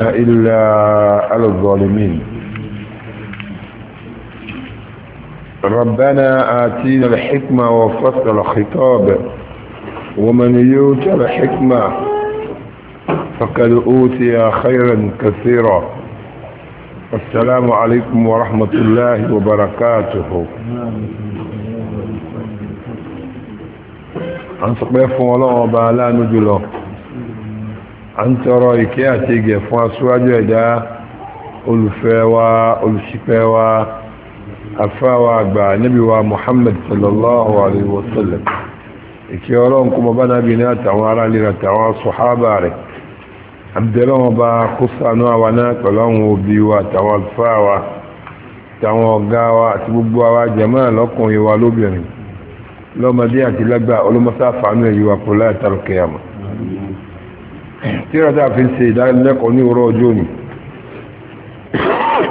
إلا على الظالمين ربنا آتينا الحكمة وفصل الخطاب ومن يوت الحكمة فقد أوتي خيرا كثيرا السلام عليكم ورحمة الله وبركاته عن سقيف الله وبعلا نجله a ń tọrọ ìkẹ́ àti ìgẹ̀ fún aṣíwájú ẹ̀dá olùfẹ́ wa olùṣìpẹ̀ wa afáwa àgbà níbi wa Muhammad sallallahu alaihi wasallam ìkẹ́ ọlọ́run kó mọ bá nábi ní àtàwọn ará lè àtàwọn sọ̀hábà rẹ̀ àbẹ̀lọ́wọ́n bá kó sànú àwa náà pẹ̀lọ́run òbí wa àtàwọn alfáà wa àtàwọn ọ̀gá wa àti gbogbo lọ́mọdé àti lágbà olómọ́sáfà náà yíwa kó تيرادا في السيدا نكوني وروجوني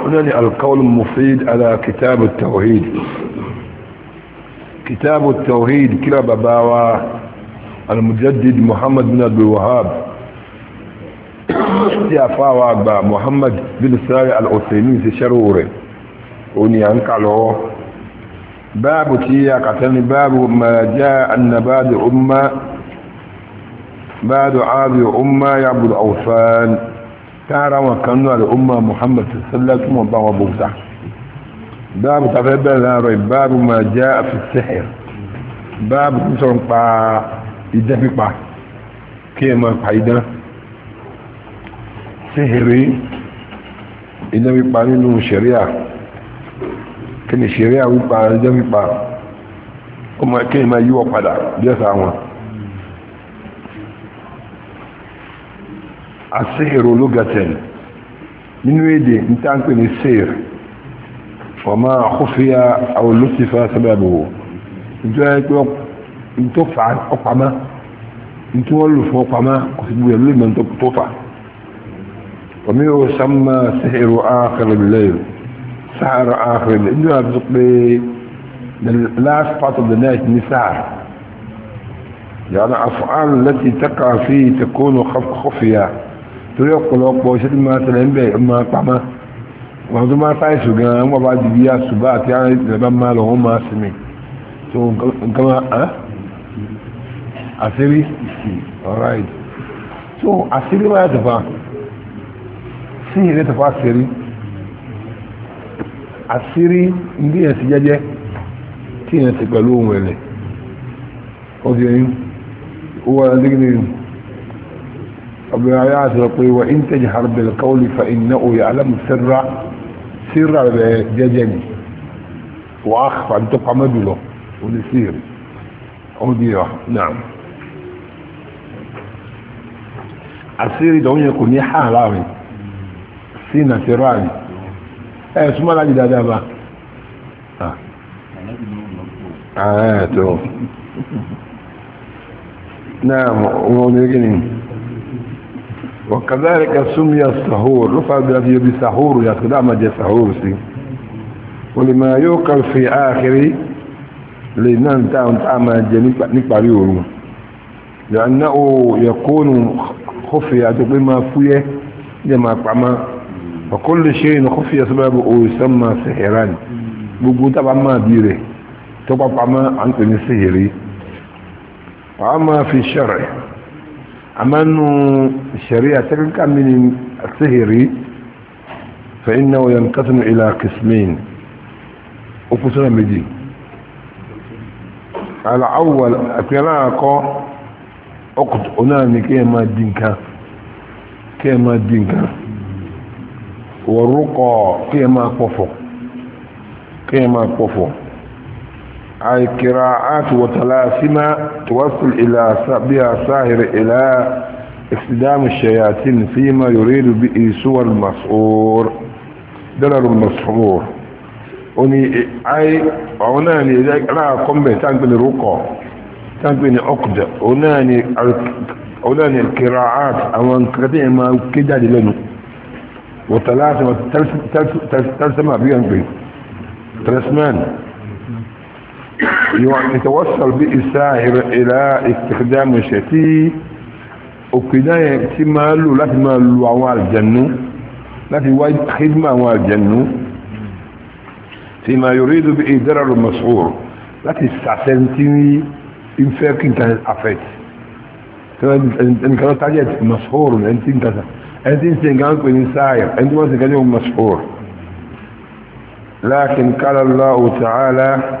هنا القول المفيد على كتاب التوحيد كتاب التوحيد كلا باباوا المجدد محمد بن عبد الوهاب يا فاوا با محمد بن سعيد العثيمين شروري وني انقلوا باب تي يا كتني باب ما جاء النبات امه بعد عابي أمة يعبد أوثان تعالى وكانوا لأمة محمد صلى الله عليه وسلم وبوتا باب تفبه لا باب ما جاء في السحر باب تسرم با يجفي با كيما قايدة سحري إذا بيبقى منه شريعة كان الشريعة بيبقى إذا بيبقى وما كيما يوقع ده جسعوا السحر لغتين من ويدي انت عنكني السير وما خفيا او لطفا سببه انت عايت وقت انت وفعا اقعما انت ولف اقعما قصدوا يلما انت تطفع ومن يسمى سحر اخر الليل سحر اخر الليل انت عبزق بي the last part of the night نسار يعني افعال التي تقع فيه تكون خفيا torí ọ̀pọ̀lọpọ̀ iṣẹ́ tó máa tẹ̀lé ń bẹ̀ máa pamá wọn tó máa sáìsù gan-an wọ́n bá dìbí àṣùbá àti ara ìtìlẹ̀ bá máa lọ wọ́n máa sinmi tó nǹkan máa hàn àṣírí alright so àṣírí máa tẹ̀fà sí ìrẹ́ tẹ̀fà àṣírí àṣírí ní ẹ̀sìn jẹ́jẹ́ tí ìrẹsì pẹ̀lú ohun ẹ̀lẹ̀ ọdún ẹ̀yìn ó wà lẹ́gbẹ̀ẹ́ ọbẹ̀ ayé àti ọ̀pẹ́ wà ń tẹ̀jẹ̀ harbel kọ́ọ̀lì fa iná òye alámùsẹ́ra síra rẹ̀ jẹ́jẹ́ ni wà á fà ń tọ́pá mẹ́dùlọ oníṣìírí ọmọ bí wa náà àṣírí ìdánwò yẹn kò ní hàn láàrin sí nàṣẹ́rọ̀ àrí ẹ̀ súnmọ́ láti dáadáa bá ààrẹ tó náà wọ́n ní gíní وكذلك سمي السهور رفع بالذي بسهور يا سلام جاء سهور سي ولما يوقع في آخر لنان تاون تاما نقبل يورو لأنه يكون خفية بما فيه لما قام وكل شيء خفية سببه يسمى سحرا بقول طبعا ديره طبعا ما عن سحري وأما في الشرع عملنا الشريعة تلك من السهري فإنه ينقسم إلى قسمين وقسم مجي على أول أكلاقا أقد أناني كيما دينك كيما دينك والرقى كيما قفو كيما قفو القراءات وتلاسما توصل إلى بها ساهر إلى اقتدام الشياطين فيما يريد به سوى المسعور درر المسعور oni ai ona ni ra kombe tanpe ni ruko tanpe ni uqda ona ni ona ni qiraat awan kade ma kida de lenu wa talasa wa talsama biyan bi trasman يتوصل به الساحر الى استخدام الشتي وكده احتمال لك ما لو الجنة لكن وايد خدمة والجنة فيما يريد به ضرر مسعور لا لكن ساعتين ينفاك انت عفيت ان كانت تعجيت مسحور انت انت انت انت انت انت انت انت انت تكلم مسحور لكن قال الله تعالى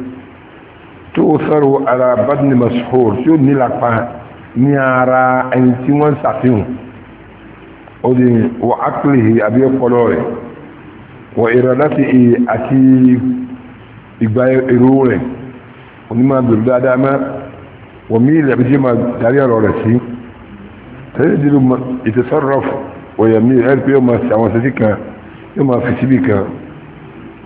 تؤثر على بدن مسحور شو نلقى نيارا انتي وان ساتيون ودي وعقله ابي قلوي وإرادته أتي إقبال إروري ونما بلدا داما وميل بجمع داريا رولسي تجد يتصرف ويميل عرف يوم سعوان يوم في سبيكا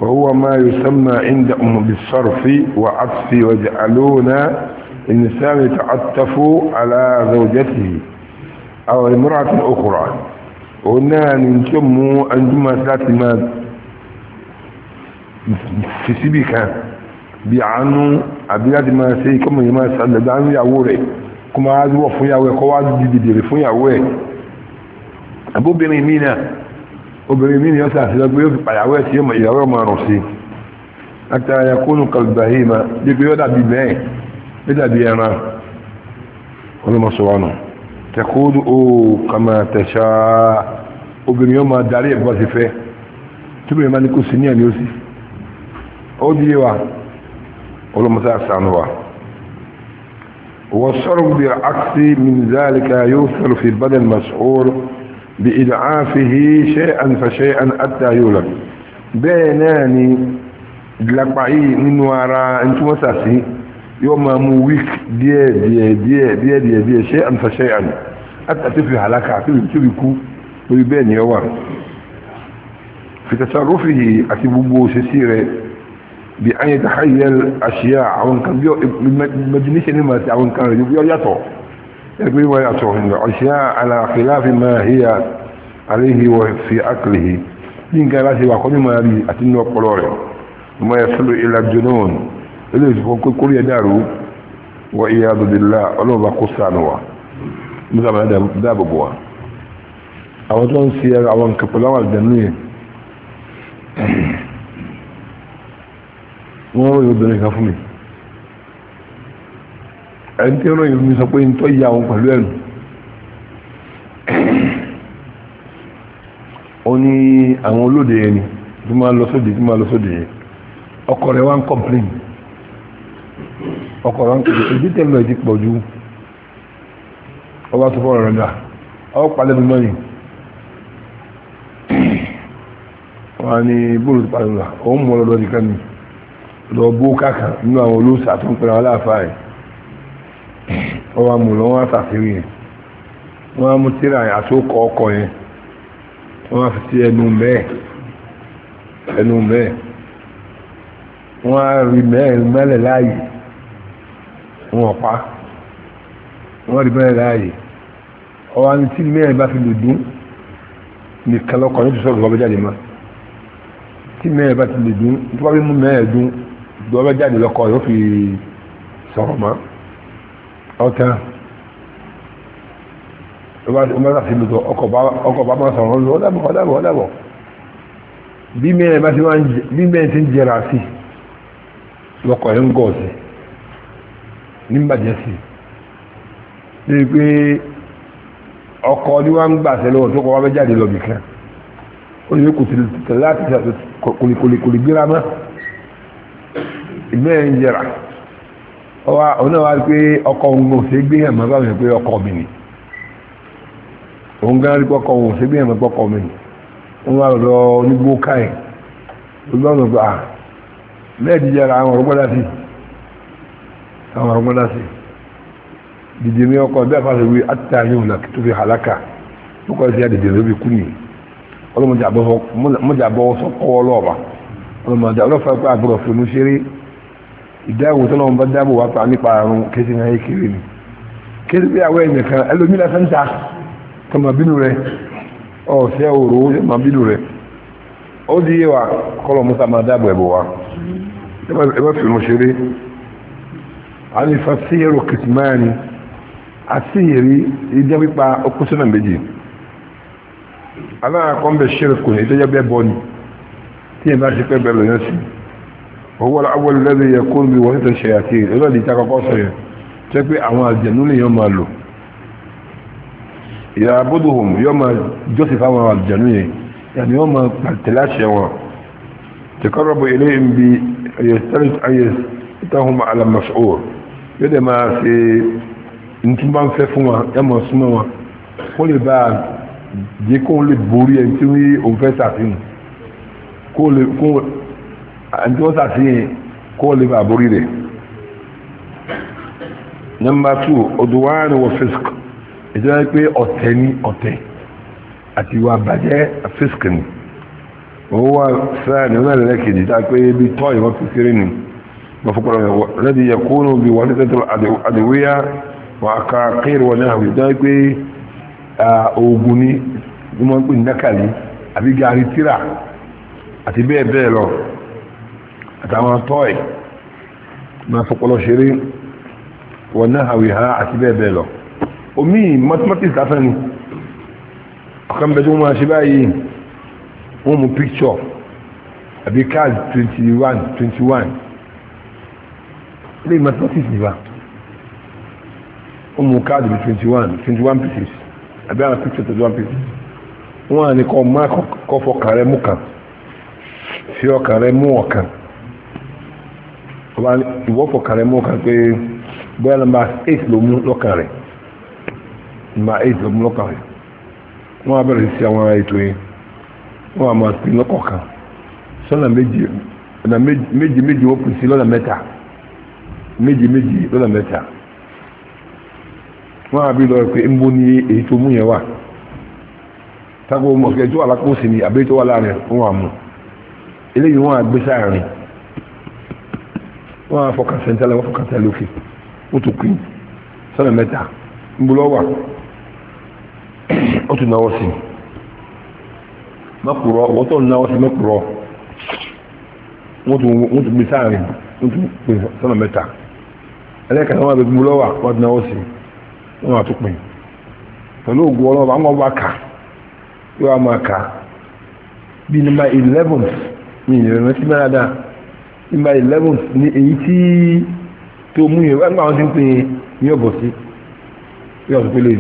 وهو ما يسمى عند أم بالصرف وعطف ويجعلون النساء يتعطف على زوجته أو امرأة أخرى هنا ننتم أنتم ثلاث في سبيكا بيعانو àbíláti ما ṣe ikọ́mọ̀ yìí máa ṣàdàdà ń yàwó rẹ̀ kó máa wọ́ fún yàwó ẹ̀ kọ́ wá obìnrin mi ni ọ́sà àtìlọ́gbé yóò fi pàyàwó ẹ̀sí ìyàwó ọmọ ọ̀rùn sí látara yakúnù kalbahima dípé yóò dàbí bẹ́ẹ̀ bí dàbí ẹran ọlọ́mọsọ̀wọ́nù tẹ̀kúnù ó kàmà tẹ̀ṣà obìnrin yóò máa darí ẹ̀bọ́ sí fẹ́ túbìrì máa ní kó sí ní ẹ̀mí ó sì ó di wa ọlọ́mọsọ̀ àṣàánú wa wọ́n sọ̀rọ̀ bí àkṣí min zálika yóò sọ̀rọ̀ fi badal بإدعافه شيئا فشيئا حتى يولد بيناني لقعي من وراء انتم ساسي يوم مويك دي دي دي دي دي دي شيئا فشيئا حتى تفي هلاك تبكو ويبين يوم في تصرفه أتبوبو سسيرة بأن يتحيل أشياء عون كان بيو مجنسي نمات عون كان يتو يقول ويأتوهن عشاء على خلاف ما هي عليه وفي أكله من قال سوى قد ما لي أتنو قلوره وما يصل إلى الجنون إليه يقول كل يدارو وإياذ بالله ولو بقصانوا مثل ما دابقوا àwọn tó ń fi ẹrọ àwọn kẹpẹ láwọn àjẹmí ẹni tí ó ràn yìí sọ pé ń tọ́ ìyá òun pẹ̀lú ẹ̀nu ó ní àwọn olóde ẹni tí máa lọ sóde tí máa lọ sóde ọkọ rẹ̀ wá ń kọ́mplain ọkọ rẹ̀ ń kọ́mplain èdè tẹ́lẹ̀ ti pọ̀ ju ọba tó fọ́ ọ̀rọ̀ dà ọ palẹ̀ bí mọ́ni wọ́n ní bóòlù tó palẹ̀ lọ òun mú ọ lọ́dọ̀ nìkan ni lọ bó káàkà nínú àwọn olóòṣà tó ń pẹ̀lú aláàfáà yìí wọ́n wá mú lọ wọ́n sàfihàn yẹn wọ́n á mú tíra àtúkọ̀ ọkọ̀ yẹn wọ́n á fi sí ẹnu bẹ́ẹ̀ ẹnu bẹ́ẹ̀ wọ́n á rí mẹ́lẹ̀ láàyè wọ́n pa wọ́n rí mẹ́lẹ̀ láàyè ọwọ́ àwọn tí mẹ́rin bá fi lè nìkan lọ́kọ̀ ní tòṣọ́ ìgbọ́ jáde mọ́ tí mẹ́rin bá ti lè tí wọ́n bí mú mẹ́rin dún ìgbọ́ jáde lọ́kọ̀ yóò fi sọ̀rọ̀ mọ́. ọ̀tá ọmọdé àti ìlú ọkọ̀ bá máa bí mẹ́rin ti ń jẹrà sí lọ́kọ̀ ẹ̀ ń gọ̀ sí ní bàjẹ́ sí ní pé ọkọ̀ ni wọ́n ń gbà tó kọ́ wá jáde lọ nìkan ó kò sí láti kòlìkòlì gbéra mọ́ ìmẹ́rin wa ona wa pe ọkọ ngo se gbe yan ma ba mi pe ọkọ mi ni o nga ri ko ọkọ ngo se gbe yan ma pe ọkọ mi ni o wa lo ni gbo kai o lo no ba le di jara àwọn rogbo da si àwọn rogbo da si di je mi ọkọ be fa se wi atta yun la kitu fi halaka o ko se di je lo bi kuni olomo jabo mo jabo so ko lo ba olomo ìdáwò tó lọ́wọ́ bá dáàbò wá pa nípa àrùn kéde náà kiri ni kéde àwọn ẹ̀yìn kan ẹlòmí sẹ́ńtà tọmọ bínú rẹ ọ̀sẹ̀ òru tọmọ bínú rẹ ó di yé wa kọlọ̀ musa máa dáàbò ẹ̀bọ̀ wa ẹ bá fi ṣeré àwọn ìfà síyẹ̀rọ kìtìmáàni àsíyẹ̀rí ìdí pípa ọkùsọ́nà méjì aláàkọ́ ń bẹ ṣeré kò ní ìtọ́jà bẹ́ẹ̀ bọ́ ni tí ẹ bá ṣe pẹ́ sí i هو الأول الذي يكون بواسطة الشياطين هذا اللي تاكا قصر تكبي أما الجنون يوم له يعبدهم يوم جوسف أما الجنون يعني يوم التلاش يوم تقرب إليهم بيستلت أن يستهم على مشعور يدي ما في انتم بان فيفوا يما سموا كل بعد جيكون لبوري انتم انفساتين كل كل àti wọ́n sàfihàn kó lè bá borí rẹ̀ nọmba 2 ọdúnwárin wọ fisk ìjọba pé ọ̀tẹ̀ ní ọ̀tẹ̀ àti ìwà bàjẹ́ fisk ni wọ́n wá sáà ní ọ̀nà lẹ́kẹ̀ẹ́jì tá pé bí tọ́ ìwọ́n fi kéré ni wọ́n fọ́pọ̀ lẹ́dí yẹkúnnù bí wọ́n tẹ́tẹ́ àdìwíyá wọ́n aka kéèrè wọn náà ìjọba pé oògùn ni wọ́n pè ní nákàlí àbí gàrí tíra àti bẹ́ẹ̀ bẹ́ẹ̀ lọ àtàwọn tọ́ì ma fọpọlọ ṣeré wọn náà àwì ha àti bẹ́ẹ̀ bẹ́ẹ̀ lọ omi mathematics lásán ni ọ̀kan bẹ́ẹ̀ tí wọ́n máa ṣe báyìí wọ́n mú picture àbí card 21 21 ilé mathematics nìbá wọ́n mú card bí 21 21 pieces àbí àwọn picture 21 pieces wọ́n á ní kọ́ máa kọ́ fọ́ kàrẹ́ mú kan fi ọkàn rẹ mú ọ̀kan bàbá ìwọ́fọ̀ kan rẹ̀ mú kan pé bóyá nàmbà 8 ló mú lọ́kàn rẹ̀ 8 ló mú lọ́kàn wọ́n á bẹ̀rẹ̀ sí àwọn ètò yẹn wọ́n á máa kan sọ́nà méjì ọ̀nà méjì méjì wọ́n pín sí lọ́nà mẹ́ta méjì méjì lọ́nà mẹ́ta wọ́n á bí lọ pé ń bó ní èyí tó mú yẹn wà tágbó mọ̀ ni àbẹ́tọ́ wà láàrin eléyìí wọ́n á gbé wọ́n á fọkàn sẹ́ńtẹ́lẹ̀ wọ́n fọkàn sẹ́ńtẹ́lẹ̀ òkè ó tún kú sọ́nà mẹ́ta ńbúlọ́ wà ó tún náwó sí mọ́kùrọ́ wọ́n tó náwó sí mọ́kùrọ́ wọ́n tún gbé sáàrin wọ́n tún gbé sọ́nà mẹ́ta ẹlẹ́kẹ̀ẹ́ wọ́n á bẹ ńbúlọ́ wà wọ́n tún náwó sí wọ́n á tún pín pẹ̀lú ògùn ọlọ́wọ́ àwọn ọba kà yóò á máa kà bí nígbà eleven ní nígbà 11 ní èyí tí tó mú yẹn wọ́n àwọn tí ń pè ní ọ̀bọ̀ sí yóò sọ pé lè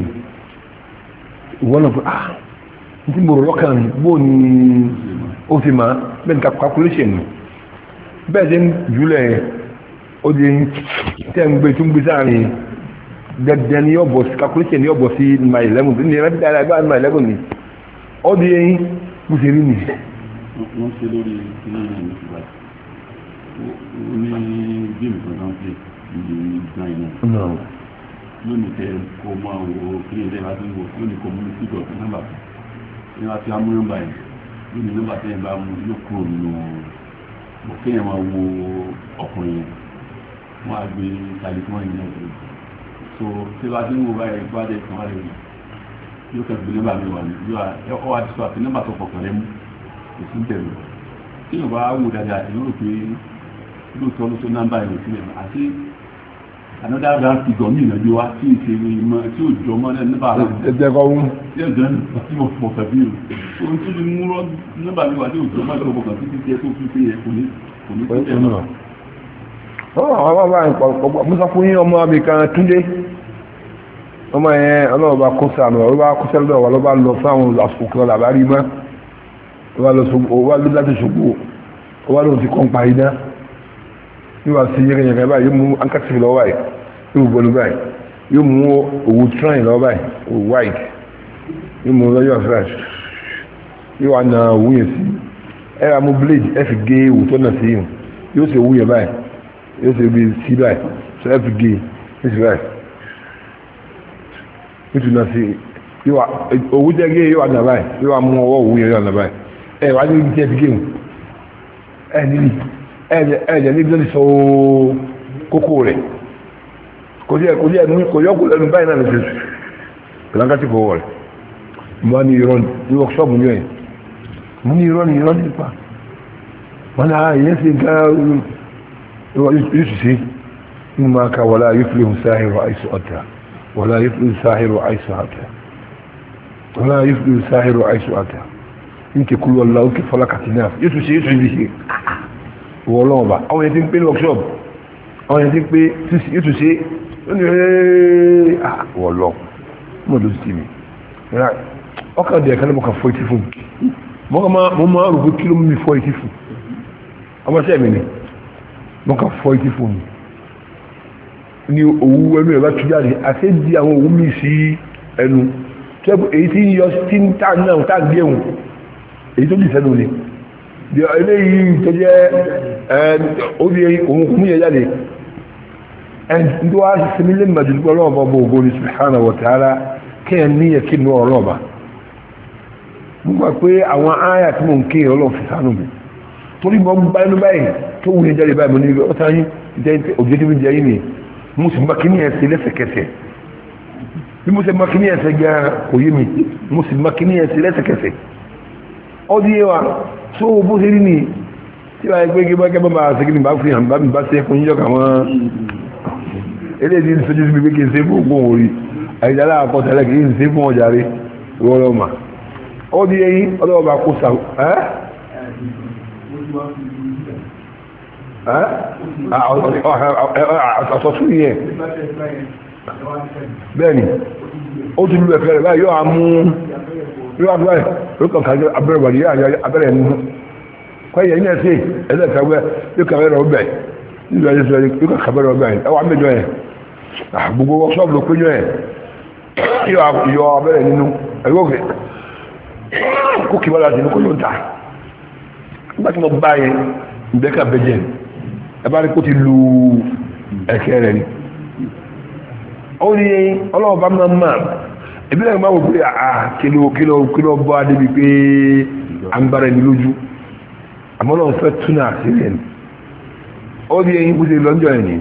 ìwọ́n náà pé ah n tí mo rọ̀ lọ́kàn mi bó ni ó ti máa bẹ́ẹ̀ ní ká calculation nù bẹ́ẹ̀ ṣe ń jùlẹ̀ ó di tẹ́ ń gbé tún gbé sáàrin dẹ̀dẹ̀ ní ọ̀bọ̀ sí calculation ní ọ̀bọ̀ sí nígbà 11 ní ẹ̀rọ dára ẹgbẹ́ nígbà 11 ni ó di ẹyin mo ṣe rí nìyẹn ó ní géèmù kan kan pé ìlú ìgbà iná lónìí tẹ kó máa wo kí ẹ̀rẹ́ bá ti wò lónìí kò mú sígọ̀ nọ́mbà ní wá sí amú nọ́mbà yìí lónìí nọ́mbà tẹ́yìn bá mú yóò kúrò nù ó máa wo ọkùnrin yẹn wọ́n á gbé talisman yìí náà lórí so tí wá sí wo báyìí bá dé kàn wá lè yóò kẹ́ gbé nọ́mbà mi wà ní yóò ọ wá ti sọ àti nọ́mbà tó kọ̀ọ̀kan lẹ́mú kò sí bẹ̀rù tí yóò bá wù dáadáa yóò rò lóòótọ́ ló tó nọ́mbà ẹ̀rọ sílẹ̀ àti another round figure ní ìrìnàjò wa tí ì ṣe ìmọ̀ tí ò jọ mọ́ náà nípa àwọn ẹgbẹ́ kọ́ wọ́n. yóò jẹ́ nípa tí mo fọ̀ tàbí o ohun tó ti mú rọ́ nípa mi wà tí ò jọ mọ́ ìṣòro kan títí tí ẹ tó fi pé ẹ kò ní kò ní sí ẹ náà. ọ̀rọ̀ àwọn bàbá ìpàkọ́ musa fún yín ọmọ abì kan túndé ọmọ yẹn ọlọ́run bá kó sànù ọ̀rọ̀ bá kó sẹ́lẹ̀ wà lọ́ba lọ fáwọn àsìkò kan làbárí mọ́ ọba lọ yóò wá sí yẹ́gẹ́ yẹ́gẹ́ báyìí yóò mú ankatifu lọ́wọ́ báyìí yóò bọ́lu báyìí yóò mú òwú tíráìn lọ́wọ́ báyìí òwú white yóò mú lọ́yọ̀ fresh yóò wá na òwú yẹn sí ẹ ra mú blade ẹ fi gé òwú tó nà sí yìí yóò sì òwú yẹn báyìí yóò sì bí sí báyìí so ẹ fi gé ẹ sì báyìí yóò tún nà sí òwú tẹ gé yóò wá nà báyìí yóò wá mú ọwọ́ òwú yẹn yóò nà báyìí ẹ wá ní ibi tí ẹ fi gé ẹ nílì ẹ̀jẹ̀ ní gbé sọ kókó rẹ̀ kò díẹ̀ kò díẹ̀ ní kò yọ́kù lẹ́nu báyìí náà lọ́sẹ̀ kìlákàtì kò wọ̀ rẹ̀ mo ní irọ́ ní wọ́kṣọ́ọ̀bù yóò yẹn mo ní irọ́ ní ah, irọ́ nípa náà yẹn sì ga yóò sì ساهر عيس أتى ولا يفلح ساهر عيس أتى ولا يفلح ساهر عيس أتى انت كل والله انت فلكت ناف يسوس يسوس ìwọ ọlọ́run bá àwọn yẹn ti ń pé workshop àwọn yẹn ti ń pé yóò ṣe ó ní ìwọ ah, lọ mọ̀ ló sì mi ọkàn dẹ̀ kan ní mo kà fọ́ etí fún mo kà máa rò pé kí ló mú mi fọ́ etí fún ọmọ sẹ́ẹ̀ mi ni mo kà fọ́ etí fún mi ni òwú ẹnu ẹ̀ bá tú jáde àti di àwọn òwú mi sí ẹnu èyí tí ń yọ tí ń tà náà tá gbé òun èyí tó dì sẹ́nu ni eléyìí tó jẹ́ orí ohun yẹ jáde ẹni tó wá sinmi lè mọ̀ jùlọ ọlọ́ọ̀bá bó ògo ní subhanahu wa ta'ala kéèyàn níyẹ kí nù ọlọ́ọ̀bá mo gbà pé àwọn ááyà tí mò ń ké ọlọ́ọ̀ fi sánú mi torí mo bá inú báyìí tó wúni jáde báyìí mo ní ọ̀tá yín òjòjú mi jẹ́ yín ni mo sì máa kí ní ẹsẹ̀ lẹ́sẹ̀kẹsẹ̀ bí mo sì máa kí ní ẹsẹ̀ gan kò yé mi mo sì máa kí ní ẹsẹ̀ lẹ́sẹ̀kẹsẹ̀ Ọ dị yẹwà tó o bó ṣe rí ní tí wàá pé kí bákẹ́ bá fi hàn bá mi bá ṣe fún yíjọ kà eléyìí ti sojú síbi kí n ṣe fún ògbóhùn orí àyíjà tẹ́lẹ̀ ṣe fún ọjà rí kó sà ẹ́ àtọ̀tún yẹn ó ti lu ẹ̀fẹ́ yóò wá báyìí yóò kàn kájọ abẹ́rẹ́ wà ní abẹ́rẹ́ ẹ̀mú kọ́yẹ̀ yín ẹ̀sìn ẹ̀lẹ́kàwé yóò kàn bẹ́rẹ̀ ọbẹ̀ nílùú ẹ̀yẹ sọ̀rọ̀ yóò kàn bẹ́rẹ̀ ọbẹ̀ ẹwà mẹ́jọ yẹn gbogbo wọ́kṣọ́ọ̀bù ló péjọ yẹn yọ abẹ́rẹ́ nínú ẹ̀yọ́ òkè kó kí wọ́n láti inú kó ló ń ta nígbà tí mo bá yẹn ìbẹ́kà bẹ́jẹ̀ ẹ bá rí kó ti lu ẹ̀kẹ́ rẹ̀ ni ó ní ọlọ́wọ́ bá máa máa ìbílẹ̀ ìmọ̀ wò pé àà ah, kílò kílò kílò bọ́ adébi pé à ń bára ẹni lójú àmọ́ náà fẹ́ túnà àṣírí ẹni ó di ẹyin kó ṣe lọ́njọ́ ẹni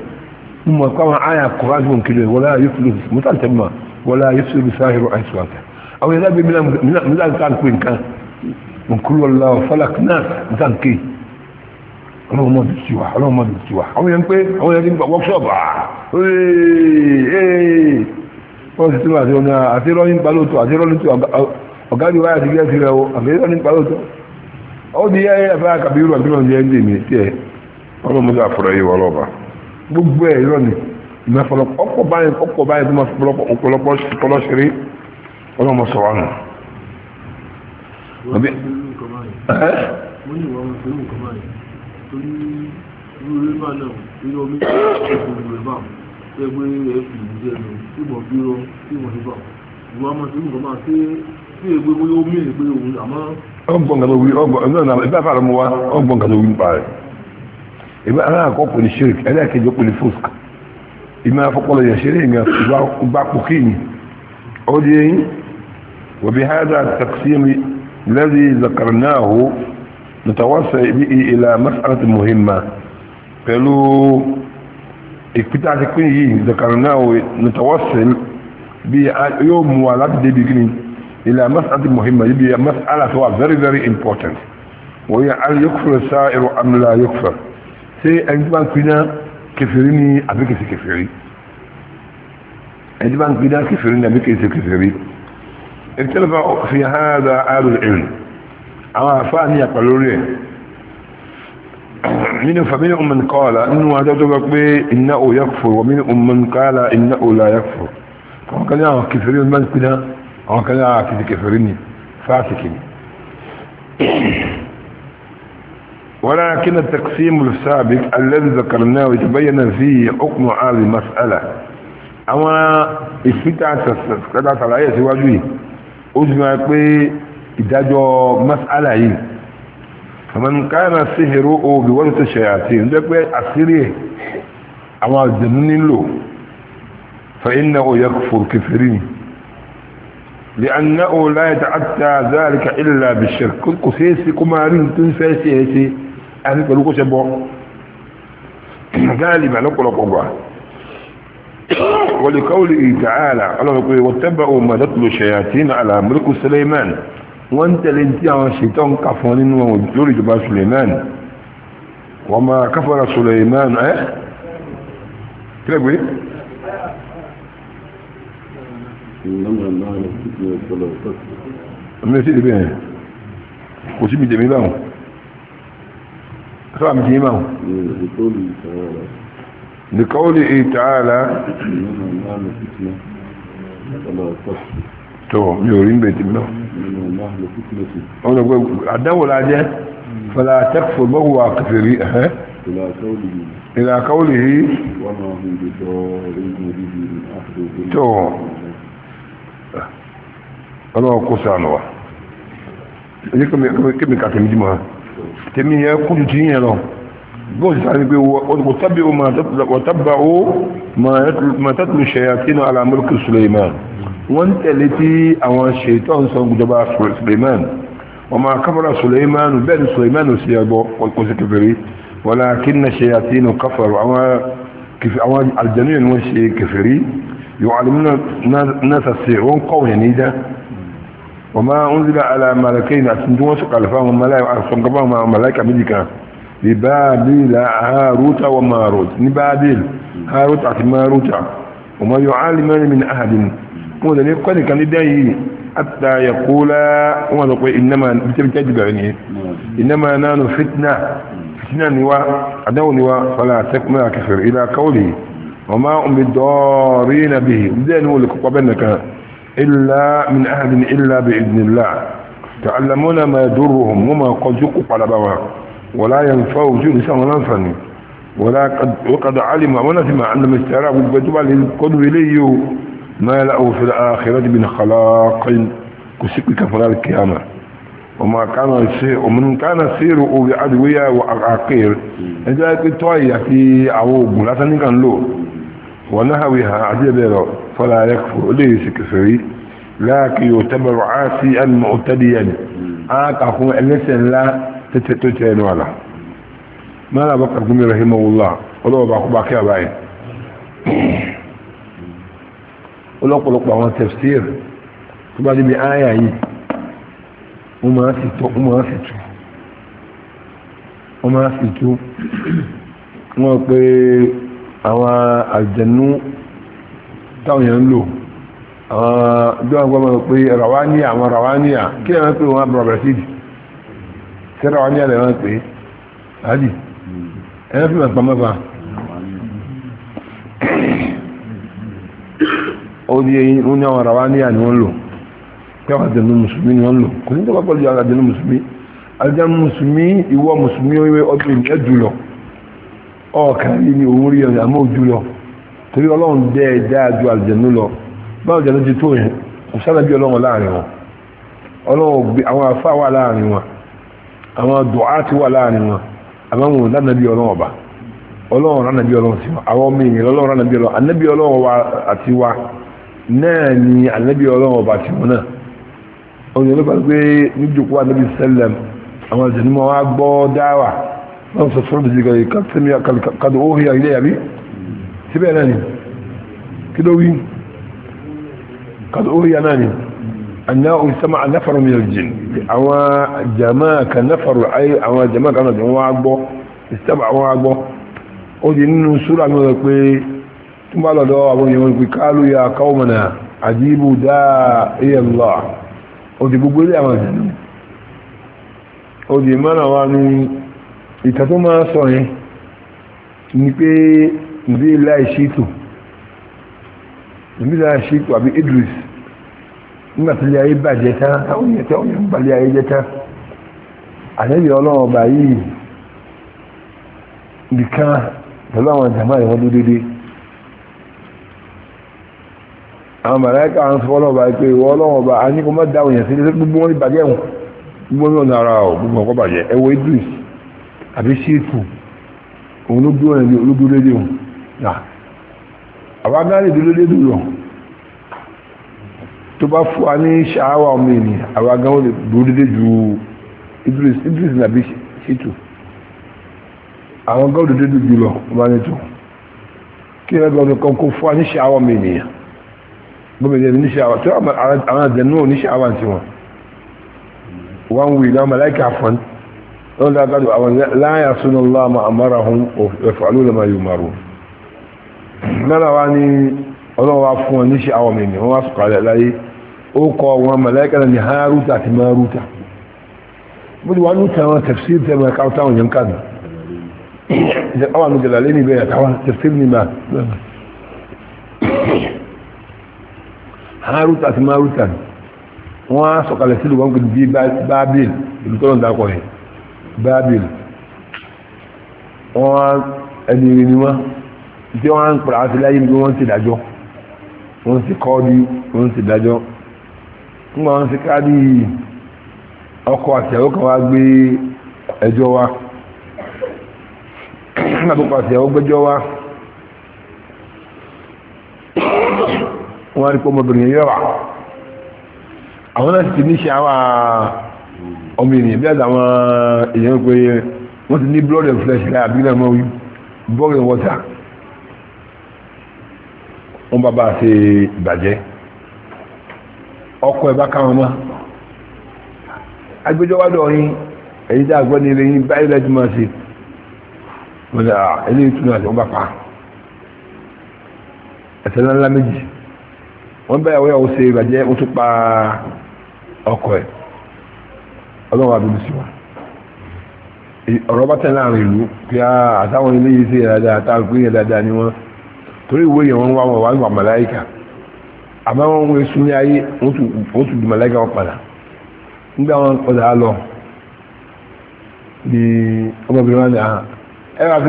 mo mọ̀ pé àwọn àyà kọ́ra gbọ̀n kílò wọlé ayé fúlù mọ́tà ń tẹ́mọ̀ wọlé ayé fúlù sáhìrò àìsàn àtẹ àwọn ẹ̀dá bíi mílíọ̀nù tá à ń pè nǹkan nkúrú ọ̀la falak náà níta ń ké ọlọ́run mọ̀ bí tiwa ọlọ́run mọ̀ bí tiwa àwọn yẹn ń pé àwọn yẹn ń gbà workshop ah, wọ́n sì tún àti ọ̀nà àtẹ́rọ́ ní palótó àtẹ́rọ́ ní tó ọ̀gá mi wáyà ti gẹ́ sí rẹ̀ o àtẹ́rọ́ ní palótó ó di yẹ́ ẹ̀fẹ́ àkàbírù àbílọ̀ ní ẹ̀ ń dèmí tiẹ̀ ọlọ́mọdé àfọ̀rọ̀ yìí wọ́n lọ́ba gbogbo ẹ̀ irọ́ ni ọkọ̀ báyìí ọkọ̀ báyìí tó máa ọ̀pọ̀lọpọ̀ ọlọ́ṣẹ̀rí ọlọ́mọ sọ̀rọ̀ nù. Torí irú ilé máa náà, irú omi tó ń bọ̀ ẹgbẹ́ ẹ̀fì ìjẹnu tí mo bí rọ tí mo níbà ìwà ọmọ tí mo máa ṣe tí ẹgbẹ́ bóyá ó mìíràn pé òun àmọ́. ọgbọ̀n kan ló wí ọgbọ̀n náà ìgbà fàrọ̀ mu wá ọgbọ̀n kan ló wí nípa rẹ̀ ìgbà aláàkọ́ pè ní shirk ẹlẹ́ẹ̀kejì pè ní fosk ìmọ̀ afọ́pọ́lọ yẹn ṣeré ìgbà gbà ìpítà ti pín yìí ìdọ̀kàrùn náà nìtọ̀wọ́sìn bí yóò mú wa láti débi gíní ilẹ̀ masáàtì muhimma yìí bí masáàlá tó wà very very important wọ́n yẹ al yókùfẹ́ sá ẹ̀rọ amúlá yókùfẹ́ ṣé ẹni tí wọ́n pín náà kẹfìrí ní àbíkèsí kẹfìrí ẹni tí wọ́n pín náà kẹfìrí ní àbíkèsí kẹfìrí ìtẹ́lẹ̀fà fi hàn án àlùl àwọn àfáà ní àpàlórí ẹ̀ فمنهم من قال إنه هددك إنه يكفر ومنهم من قال إنه لا يكفر وكان يعمل كفرين من كده وكان يعمل كفرين فاتكين ولكن التقسيم السابق الذي ذكرناه يتبين فيه حكم هذه المسألة أما إفتاة تسكتات على أي سواجه أجمع بإداجة مسألة هنا فمن كان سهره بورث الشياطين ده بقى اما الجنين له فانه يكفر كفرين لانه لا يتعدى ذلك الا بالشرك كل قسيسي كمارين تنسى سيسي اهل بلوكو شبو غالبا لكو لكو ولقوله تعالى الله يقول واتبعوا ما تتلو الشياطين على ملك سليمان wọ́n ń tẹ̀lé tí àwọn ṣètọ́n kà fún nínú lórí ìjọba Suleiman wọ́n máa káfàrà Suleiman ẹ́ kílẹ̀gbé ọmọ sí ìdíbẹ̀ ẹ̀ kò sí ìdíbẹ̀ báwọn sọ́wọ́ àmì jẹ́ báwọn لقوله تعالى إنما tó mi ò rí ń bèèrè mọ́ ọ̀nà pé àdáwò la jẹ́ fọlá tẹ́kfọ́ bọ́wọ́ àkàfẹ́rí ẹ̀hẹ́ ìlà káwọ́lì yìí tó ọlọ́wọ́ kó sànù wa ẹni kémi kàtẹ́ mi jùmọ̀ tẹ́mi yẹ kújù tí yẹn lọ bọ́ọ̀sì sáré pé wọ́n tábí o máa tẹ́tù ṣẹ̀yà sínú alámọ́lùkì Suleiman wọ́n tẹ̀lé tí àwọn ṣètọ́ ń sọ ìjọba suleiman ọmọ akábọ̀rọ̀ suleiman bẹ́ẹ̀ ni suleiman ò sí ẹgbọ́ ọkọ̀ sí kẹfẹ́rí walakinna shayatin kafaru àwọn aljanu yẹn wọ́n ṣe kẹfẹ́rí yu'allimuna nasa sí wọ́n kọ́ yẹn ní dá وما أنزل على ملكين أتنجوا سقى لفاهم ملائك أصنقبهم ملائكة مجيكا لبابل هاروت وماروت لبابل هاروت أتماروت وما يعلمان من أحد wọn lè kọ́ nìkan ní dáyìí àtà yàkúlá wọn lọ pé ìnáma bíi tẹ́jú bẹ̀rẹ̀ nìyẹn ìnáma nánú fitna fitna niwa adáwò niwa fọlá tẹkùnmọ́ àkẹfẹ̀rẹ̀ ilá káwọlì wọn máa ń bi dọ́ọ̀rí na bì bíi ẹni wọn lè kọ́kọ́ bẹ́ẹ̀ nìkan ilá min ahadin ilá bi idinilá تعلمون ما يدرهم وما قد يقبل بوا ولا ينفعوا جل سما لنفني ولا قد وقد علم ونسمع أن مستراب البجوال القدو إليه ما له في الآخرة من خلاق كسك كفر الكيامة وما كان سير ومن كان سيره بعدوية وعقير إذا كنت في عوب لا تنكن له ونهوها عجب فلا يكفر ليس كفري لكن يعتبر عاصيا معتديا آكاكم أليس لا تتتتين ولا ما لا بقى رحمه الله ولو بقى بقى باين ọlọ́pọ̀lọpọ̀ àwọn tafsir tó bá níbi àyà yìí wọ́n máa sì tó wọ́n máa sì tú wọ́n máa sì tú wọ́n pé àwọn àjẹnú táwọn èèyàn ń lò àwọn ìjọba gbọ́mọ̀ pé ràwáníà àwọn ràwáníà kí lè wọ́n pè wọ́n bọ̀rọ̀ sí ìdí sí ràwáníà lè wọ́n pè áàdì ẹ̀yẹ́ fi mọ̀ pàmọ́ fa ó ní eyín ó ní àwọn ará wa níyà ni wọ́n lò pé àwọn àjẹnú mùsùlùmí ni wọ́n lò kò ní tọ́pọ̀ pẹ̀lú àwọn àjẹnú mùsùlùmí àjẹnú mùsùlùmí ìwọ mùsùlùmí ọdún ìmìyàn jùlọ ọ̀kàrí ni òun rí ọ̀nà àmọ́ jùlọ torí ọlọ́run dẹ́ ẹ dáa ju àjẹnú lọ báwo jẹ́ ló ti tó yẹn kò sára bí ọlọ́run láàrin wọn ọlọ́run gbé àwọn afá náà ni ànábì ọlọ́run ọba tí wọn náà ọ̀nà ọlọ́pàá pé níjòkó ànábì sẹ́lẹ̀m àwọn ìjẹ̀nìmọ̀ wa gbọ́ dáwà wọ́n sọ fọ́nà ìjìgà ìkàtẹ́mí kàdó ó hìyà ilé yàbí síbẹ̀ náà ni kí ló wí kàdó ó hìyà náà ni àná òsàmà ànáfàrọ̀ mi ọ̀jìn àwọn jàmá kan náfàrọ̀ ayé àwọn jàmá kan náà wọ́n gbọ́ ìsàmà àwọn gbọ́ ó di nínú súrà mi rẹ̀ pé tí wọ́n lọ́dọ̀ yawon èèyàn fi kálù ya kọ́ọ̀mọ̀nà àjíbù daa iya o di gbogbo ilé àwọn ìjìnà òdì mana wa n'i ìta tó sọ yẹn ni pé ìdí ìdí àbí Idris nígbàtílé ayé bàjẹ́ tán àwọn èèyàn tẹ́ òyìn balẹ̀ ayé jẹ́ tán àlẹ́bí ọlọ́run ọba yìí nìkan pẹ̀lú àwọn jàmáà àwọn màláìkà ń fọ́lọ̀ bá pé ìwọ ọlọ́wọ́ bá a ní kó má dáhùn yẹn sí gbogbo wọn ìbàjẹ́ wọn gbogbo wọn nára ọ gbogbo ọkọ bàjẹ́ ẹwọ Idris àbí ṣéètù òun ló dúró ẹni olódó lédè wọn nà àwọn agbára ìdúró lédè lọ tó bá fún wa ní ṣááwá ọmọ ènìyàn àwọn agbára ìdúró lédè ju Idris Idris nàbí ṣéètù àwọn agbára ìdúró lédè jù lọ wọn bá ní tó kí ẹgbẹ́ ọdún kan fún wa ní ṣááwá ọmọ ènìyàn gbọ́mọ̀ ìdẹ́bí ní ṣàwà tí àwọn àdẹ̀nú ní ṣàwà tí wọn wọ́n wí náà màláìkà fún lọ́dọ̀ àgbàdo àwọn láyà súnú láàmà àmàrà hun ẹ̀fàlú lọ́mà yóò márùn náà wá ní ọlọ́wà fún wọn ní ṣàwà mẹ́ni wọ́n wá sọ̀kalẹ̀ láyé ó kọ wọn màláìkà ní haruta àti maruta bó ti wá ní tàwọn tafsir tẹ́mọ̀ ẹ̀ka táwọn yẹn kàn àwọn àmì jẹ̀lá lé ní bẹ́ẹ̀ àtàwọn tafsir ní máa haruta àti maruta wọ́n á sọ̀kalẹ̀ sílùú wọn gbèdì bíi babil ìlú tọ́lọ̀ dákọ̀ yẹn babil wọ́n á ẹni rí ni wọ́n tí wọ́n á ń pàrọ̀ àti láyé nígbà wọ́n ti dájọ́ wọ́n ti kọ́ bí wọ́n ti dájọ́ nígbà wọ́n ti ká bí ọkọ̀ àti ẹ̀rọ kan wá gbé ẹjọ́ wa nígbà tó pàṣẹ ẹ̀rọ gbẹ́jọ́ wa wọ́n rí pé ọmọbìnrin yẹn yọ̀rà àwọn náà ti ní ṣe àwọn ọmọ ènìyàn bí àtàwọn èèyàn pé wọ́n ti ní blood and flesh láyà bí náà mọ́ wí blood and water wọ́n bá bá ṣe ìbàjẹ́ ọkọ̀ ẹ̀ bá káwọn mọ́ agbẹjọ́wádọ̀ yín èyí dá àgbọ́ nílé yín báyìí lẹ́jú máa ṣe wọ́n dà ilé ìtura àti wọ́n bá pa ẹ̀sẹ̀ ńlá méjì wọ́n bẹ́ẹ̀ wọ́n yọ ṣe ìbàjẹ́ ó tún pa ọkọ̀ ẹ̀ ọlọ́wọ́ abẹ́bí sí wa ọ̀rọ̀ bá tẹ̀lé àrùn ìlú pé àtàwọn ilé yìí sí ìrẹ̀dá àtàwọn ìpínlẹ̀ dáadáa ni wọ́n torí ìwé yẹn wọ́n wá wọn wá wà màláìkà àmọ́ wọn wọ́n sún ní ayé wọ́n tún di màláìkà wọn padà nígbà wọn padà lọ ni ọmọbìnrin wọn ni ah, ẹ ara ọ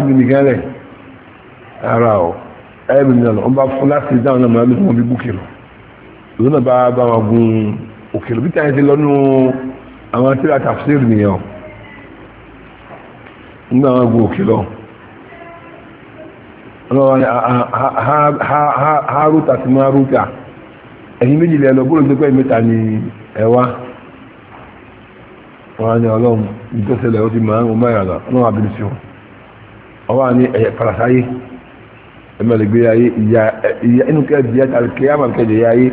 bìnrin náà lọ bá fún láti dáhùn náà bí búkì lọ lọ́nà bá bá wọn gun òkèlú bí táyẹ̀ ti lọ́nu àwọn tí a tafsir nìyàn nígbà wọn gun òkèlú ọlọ́wọ́n haruta ti máa rúta ẹ̀yìn méjì lẹ́lọ bóòlù tó pẹ́ mẹ́ta ni ẹwà wọ́n ni ọlọ́run ìtọ́sẹ̀lẹ̀ ó ti máa ń mọ́ ìrànlọ́ ọlọ́run àbílù sí wọn ọwọ́ ni ẹ̀yẹ parasáyé ẹmẹ́lẹ̀gbé ayé ìyá inú kẹ́ẹ̀dì yá tàbí kẹ́ẹ̀mà kẹ́ẹ̀dì yá ayé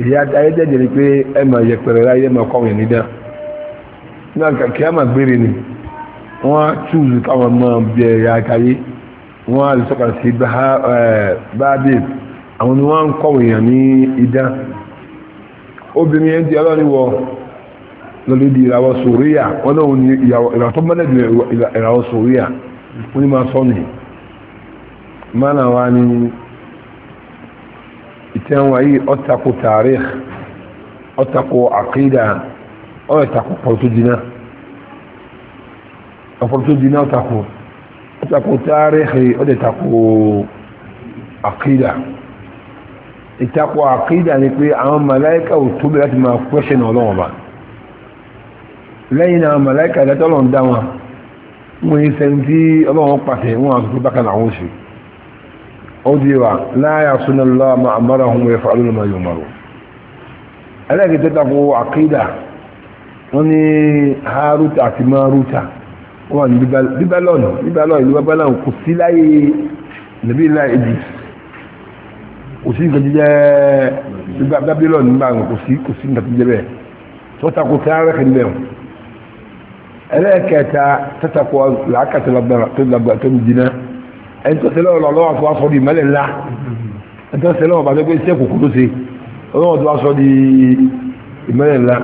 ìyá ayédèjì ni pé ẹ máa yẹpẹrẹ láyé máa kọ́ wọn nídá náà kàkí àmà gbére ni wọ́n a káwọn máa bẹ ẹ̀yà àkàyé wọ́n á lè sọ́kà sí báàbí àwọn ni wọ́n ń kọ́ wọn ní idá obìnrin yẹn ti ọlọ́niwọ̀ lọ́lọ́ di ìràwọ̀ sòríyà wọ́n náà ní ìràwọ̀ mọ́lẹ̀ ju ìràwọ̀ sòríyà wọ́n ní máa mánà wa ni tí wọ́n yí ọ́tàkù tàríkì ọ́tàkù àkídà ọ́tàkù pọ̀tùdínà ọ̀pọ̀tùdínà ọ́tàkù ọ́tàkù tàríkì ọ́tàkù àkídà ìtakù àkídà ni pé àwọn màláíkà ò tóbi láti máa kwẹ́ṣẹ̀nà ọlọ́wọ̀n bá lẹ́yìn àwọn màláíkà ìdátọ́lọ̀ ń dá wọn wọ́n yí sẹ́ntí ọlọ́wọ̀n pàṣẹ wọn àti bákan àwọn òṣèlú أوديوا لا يعصون الله ما أمرهم ويفعلون ما يؤمرون ألاقي تتقوا عقيدة وني هاروت أتماروتا وان ببالون ببالون ببالون كسيلاي نبي الله إدريس كسي كجيجا ببالون بان كسي كسي نتجي به تتقوا تاريخ اليوم ألاقي تتقوا العكة تلبنا ẹ̀ntọ́sẹ̀lẹ̀ ọlọ́wọ́ àfọwọ́ afọ́ di ìmọ́lẹ̀ ńlá ẹ̀ntọ́sẹ̀lẹ̀ ọba tó pé iṣẹ́ kòkó ló ṣe ọlọ́wọ́ tó wá sọ di ìmọ́lẹ̀ ńlá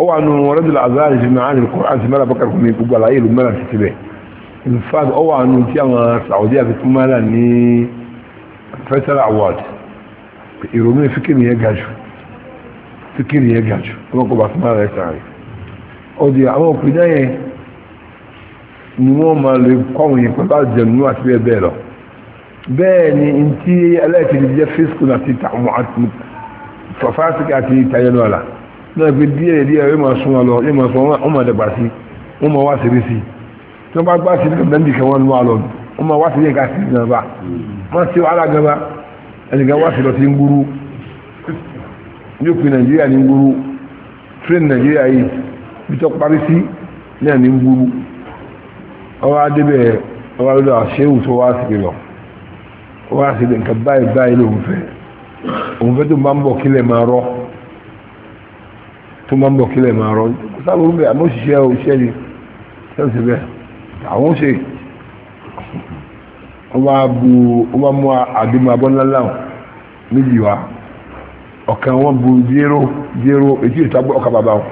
ó wà nù rẹ́dùlà azari fi máa ní kọ́ra àti mẹ́ra bọ́kà kùnmí gbogbo àlàyé ìlú mẹ́ra ti tibẹ̀ in fact ó wà nù tí àwọn Saudi àti kumara ní federal award ìrònú fíkìrì yẹn gajù fíkìrì yẹn gajù ọmọkùnrin àti mẹ́ra rẹ̀ sàárẹ̀ ó ni wọ́n máa lè kọ́wọ̀n yẹn pẹ̀lú àjẹ̀nú àti bẹ́ẹ̀ bẹ́ẹ̀ lọ bẹ́ẹ̀ ni n tí ẹlẹ́ẹ̀kejì jẹ́ fiskun àti fàfásíkà àti tayẹnu àlà náà pé díẹ̀ díẹ̀ yóò máa sún wọn lọ yóò máa sún wọn máa dẹ̀gbà sí wọn máa wá sí rí sí tí wọ́n bá gbá sí nígbà bẹ́ẹ̀ nìkan wọn wá lọ wọn máa wá sí yẹn ká sí náà bá wọn sí wàhálà gan bá ẹnìkan wá sí lọ sí nguru yóò pe nàìjíríà ní nguru tírẹ̀ nàìjíríà yìí bí tó parí sí ní nguru ọwá débẹ̀ ọwá lọ́dọ̀ àṣẹ́wù tó wá sí lọ wá sí lè nǹkan báyìí báyìí lòun fẹ́ òun fẹ́ tó máa ń bọ̀ kílẹ̀ máa rọ́ tó máa ń bọ̀ kílẹ̀ máa rọ́ sábà ń bẹ̀ àmọ́ òṣìṣẹ́ òṣìṣẹ́ ni sẹ́ǹsì bẹ́ẹ̀ àwọn ṣe ọba bu ọba mú àdúmọ abọ́nláláwọ̀ méjì wá ọ̀kan wọn bu jéró jéró etí ìta ọkà bàbá wọn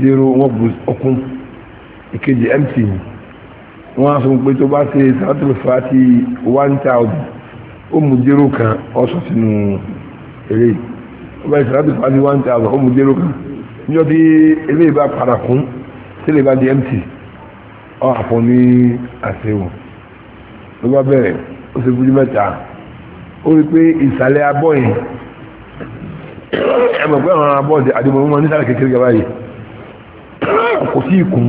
jéró wọn bu ọkùn ìkejì mt wọ́n á sọ pé tó bá ṣe sátìlù fàtí one thousand ó mú dérò kan ọ̀sọ̀ sínú eré ó bá ṣe sátìlù fàtí one thousand ó mú dérò kan níjọ́ tí eléyìí bá padà kún tí eléyìí bá di empty ọ̀ àpọ̀ ní àṣewò ló bá bẹ̀rẹ̀ ó ṣe fújú mẹ́ta ó rí pé ìsàlẹ̀ abọ́ yẹn ẹ̀mọ̀ pé àwọn abọ́ adìmọ̀ wọn nísàlẹ̀ kékeré gaba yìí kò sí ìkún.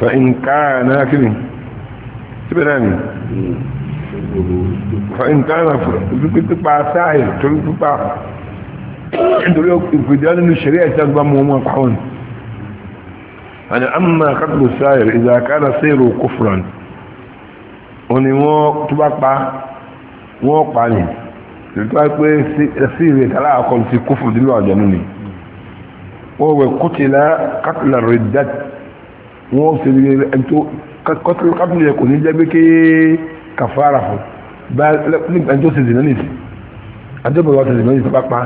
فإن كان كذي تبراني فإن كان تبقى ساحل تبقى عندما يقول أن الشريعة تبقى مهما قحون أنا أما قتل السائر إذا كان سيره كفرا oni wọ́n tó bá pa wọ́n pa ní ìtọ́ pé sí ìrẹ̀ tààlà àkọlù ti kúfù nílò àjẹ̀nú ni wọ́n wẹ̀ kútìlá kátìlà rẹ̀ dáti wọ́n ṣe ní ẹni tó kọ́tùlù yẹ kò ní jẹ́ pé kí kàfàrà fún ẹni tó ṣe zìnà nìsí adébọ̀lọ́ ṣe zìnà nìsí pápá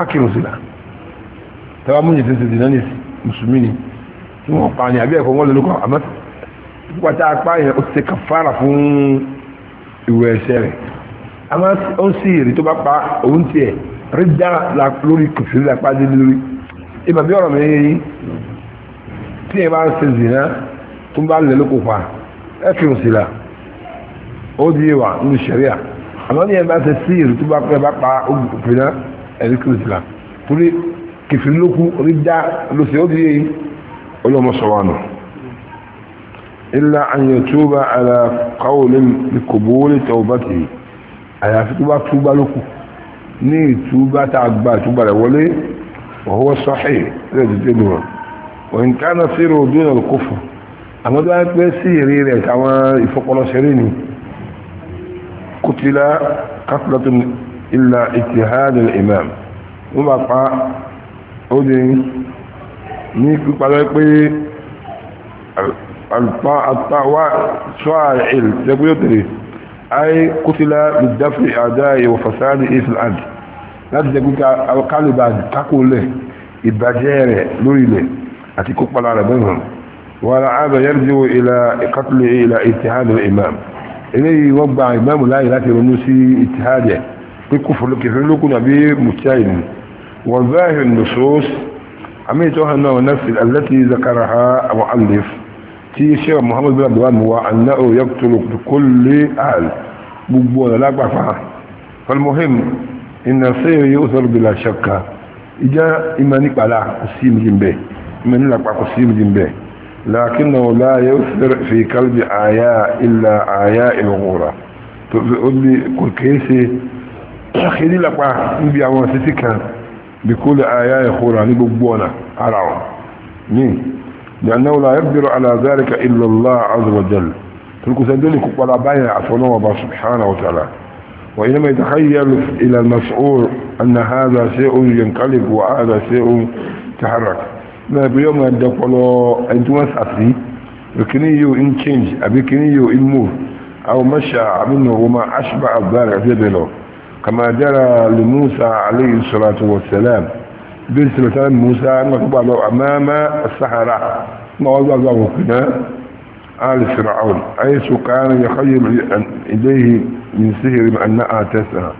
ákìrò sílà tẹ́wàá mú yẹn ṣe zìnà nìsí mùsùlùmí ni tí wọ́n pa ni àbí ẹ̀kọ́ wọn lọ́lọ́kọ́ àmọ́ pípàtà apá yẹn ó ṣe kàfàrà fún ìwẹ̀ ẹ̀ṣẹ̀ rẹ̀ àmọ́ ó ń sì èrè tó bá pa òun tiẹ̀ rí dá lórí kòsìlẹ̀ apá dé lórí ìbàbí ọ̀rọ̀ mi tí ẹ bá ń ṣe zìnà tó bá lè lóko pa ẹ fi hùn sí la ó di wà nínú sẹ̀ríà àmọ́ ní ẹ bá ṣe sí ìrù tó bá pẹ́ bá pa òfin náà ẹ̀rí kìrì sí la torí kìfìrí lóku orí dá lóṣè ó di yé olómọsọ̀wánù ilá àyàn tó bá ara káwọlé kò bóólé tawbati àyàfi tó bá túbá lóku ní ìtúbá tá a gba ìtúbá rẹ̀ wọlé wọ́n sọ́hìn rẹ̀ dídé nù wọn. وإن كان سيره دون الكفر أنا دعا يقول سيري لك أما يفقل سيريني قتل قتلة إلا اجتهاد الإمام وبقى أدري نيك بقى الطاعة شاعل يقول يدري أي قتل بالدفع أعدائه وفساده في الأرض لا تقول قالوا بعد تقول له ìbàjẹ́ rẹ̀ lórílẹ̀ àti kópa lára bẹ́ẹ̀ wàhálà ààbẹ̀ yẹ́rìndínwó ilẹ̀ ìkọ́tùlẹ̀ ilẹ̀ ìtìhádì imam eléyìí wọ́n gba imam láyé láti ronú sí ìtìhádì ẹ̀ pé kẹfẹ́ lókun àbí mùtíáyìn wọ́n záhìr nùsọ́s àmì ìtọ́hàn náà nafsi alẹ́tì zakaraha àwọn alif tí iṣẹ́ muhammad bin abdullahi wa anna o yaqtulu kulli al gbogbo ọ̀nà nípàlá kò sí ìmìyìn bẹ́ẹ̀ من لك قصيم جنبه لكنه لا يؤثر في قلب آياء إلا آياء الغورة تقول لي كل كيسي خلي لك نبي عوان ستكا بكل عياء غورة نببونا عرعون مين لأنه لا يقدر على ذلك إلا الله عز وجل تلك سندلك ولا بايا عفونا الله سبحانه وتعالى وإنما يتخيل إلى المشعور أن هذا شيء ينقلب وهذا شيء تحرك náà pé yọmọ ẹdọpọlọ ẹni tí wọn sàtì kìíní in change àbí kìíní yóò in move àwọn mọṣà àbí nàwó máa aṣọba àbúrò àti ẹbẹ lọ kàmá dára lè musa aleyhi sọlátù wọ sẹlẹm bí sọlá sẹlẹm musa ńgbà tó bá lọ àmàmà sahara ńgbà wọn gbàgbà wọn kùnà آل فرعون حيث كان يخيل إليه من سهر أنها تسعى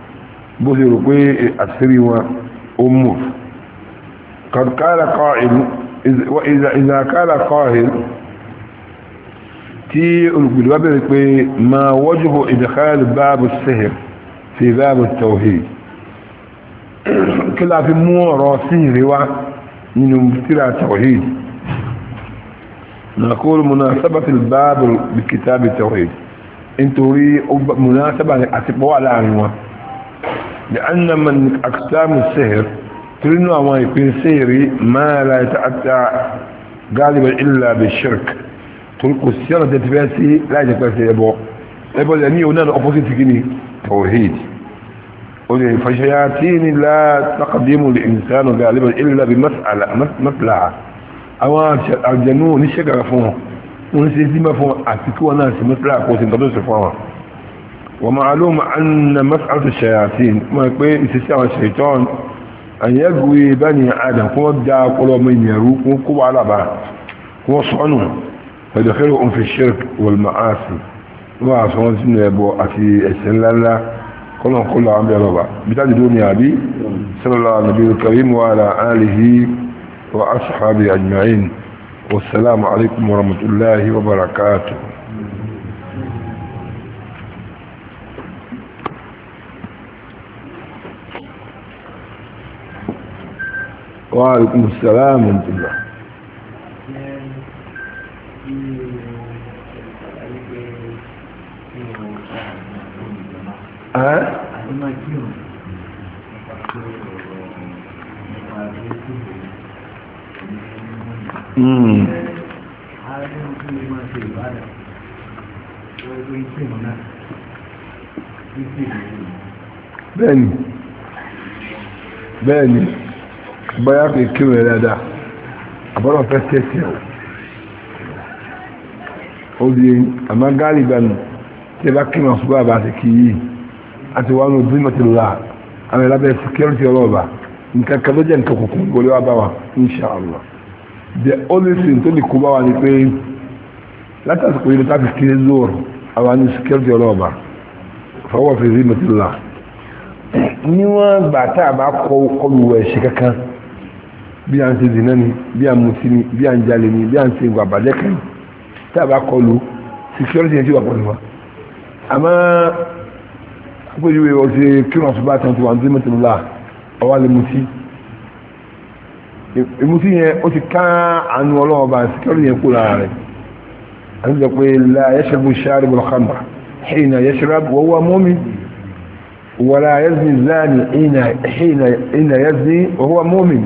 بوثي رقوي أسري وأمه قد قال قائل وإذا إذا قال قائل تي الجواب ما وجه إدخال باب السحر في باب التوحيد كلا في مو راسي روا من مفترى التوحيد نقول مناسبة الباب بكتاب التوحيد ان تري مناسبة لأتبوا على لأن من أقسام السحر ترينو اما يكون سيري ما لا يتعدى غالبا الا بالشرك تلقوا السيرة تتباسي لا يتباسي ابو ابو لاني هنا اوبوزيت كني توحيد فشياطين لا تقدم الانسان غالبا الا بمسألة مطلعة اما الجنون الشجرة فوق ونسيتي ما فوق اعتكوا ناس مطلعة قوة انتظر فوق ومعلوم ان مسألة الشياطين ما يقول استساوى الشيطان an yagwe bani adam kuma da kwalwa mai yaru kuma kowa alaba kuma sonu da da kare umfi shirk wal ma'asi kuma a sanar sun da yabo a fi ẹsẹ̀ lalla kwallon kwallon an bẹ̀rọ ba bita da duniya bi sallallahu alaihi wa karim wa ala alihi wa ashabi ajma'in wassalamu alaikum wa rahmatullahi wa barakatuh وعليكم السلام ورحمة الله bẹ́ẹ̀ni bẹ́ẹ̀ni bóyá kò kírun rẹ̀ dáadáa àbọ̀dọ̀ fẹ́ tẹ̀sí ẹ̀ ó di àmọ́ gáàlì gbanu tí ẹ bá kírun ọ̀sùn bá àbáṣe kì í yìí àti wọn ò bí mọ̀tò lọ́la àwọn ẹ̀lábẹ́ security ọlọ́ọ̀bà nǹkan kan ló jẹ́ nǹkan kòkó wọlé wa bá wa inṣàlá the only thing tó lè kó bá wa ni pé látàsìkò yìí ló tàbí kiri zoro àwọn ní security ọlọ́ọ̀bà fọwọ́ fi rí mọ̀tò lọ́la níwọ̀n gbà tá a bá kọ́ kọlu ẹ̀ṣẹ̀ kankan bí a ń ṣe zina ni bí a ń mutí ni bí a ń jalè ni bí a ń ṣe ìwà àbàjẹ́ kan ni tá a bá kọlu security yẹn ti wà pọ̀lú wa àmọ́ àpèjúwe ọ̀sẹ̀ kíran ṣùgbọ́n àtàwọn ti wà ní tẹ́lẹ̀mẹ́tẹ́ ńlá ọwọ́ alẹ́ mutí ìmutí yẹn ó ti ká àánú ọlọ́wọ́ security yẹn kó lára rẹ̀ àti sọ pé la yashrabu sharibu al-khamra hina yashrabu wa huwa mu'min wala yazni zani hina yazni wa huwa mu'min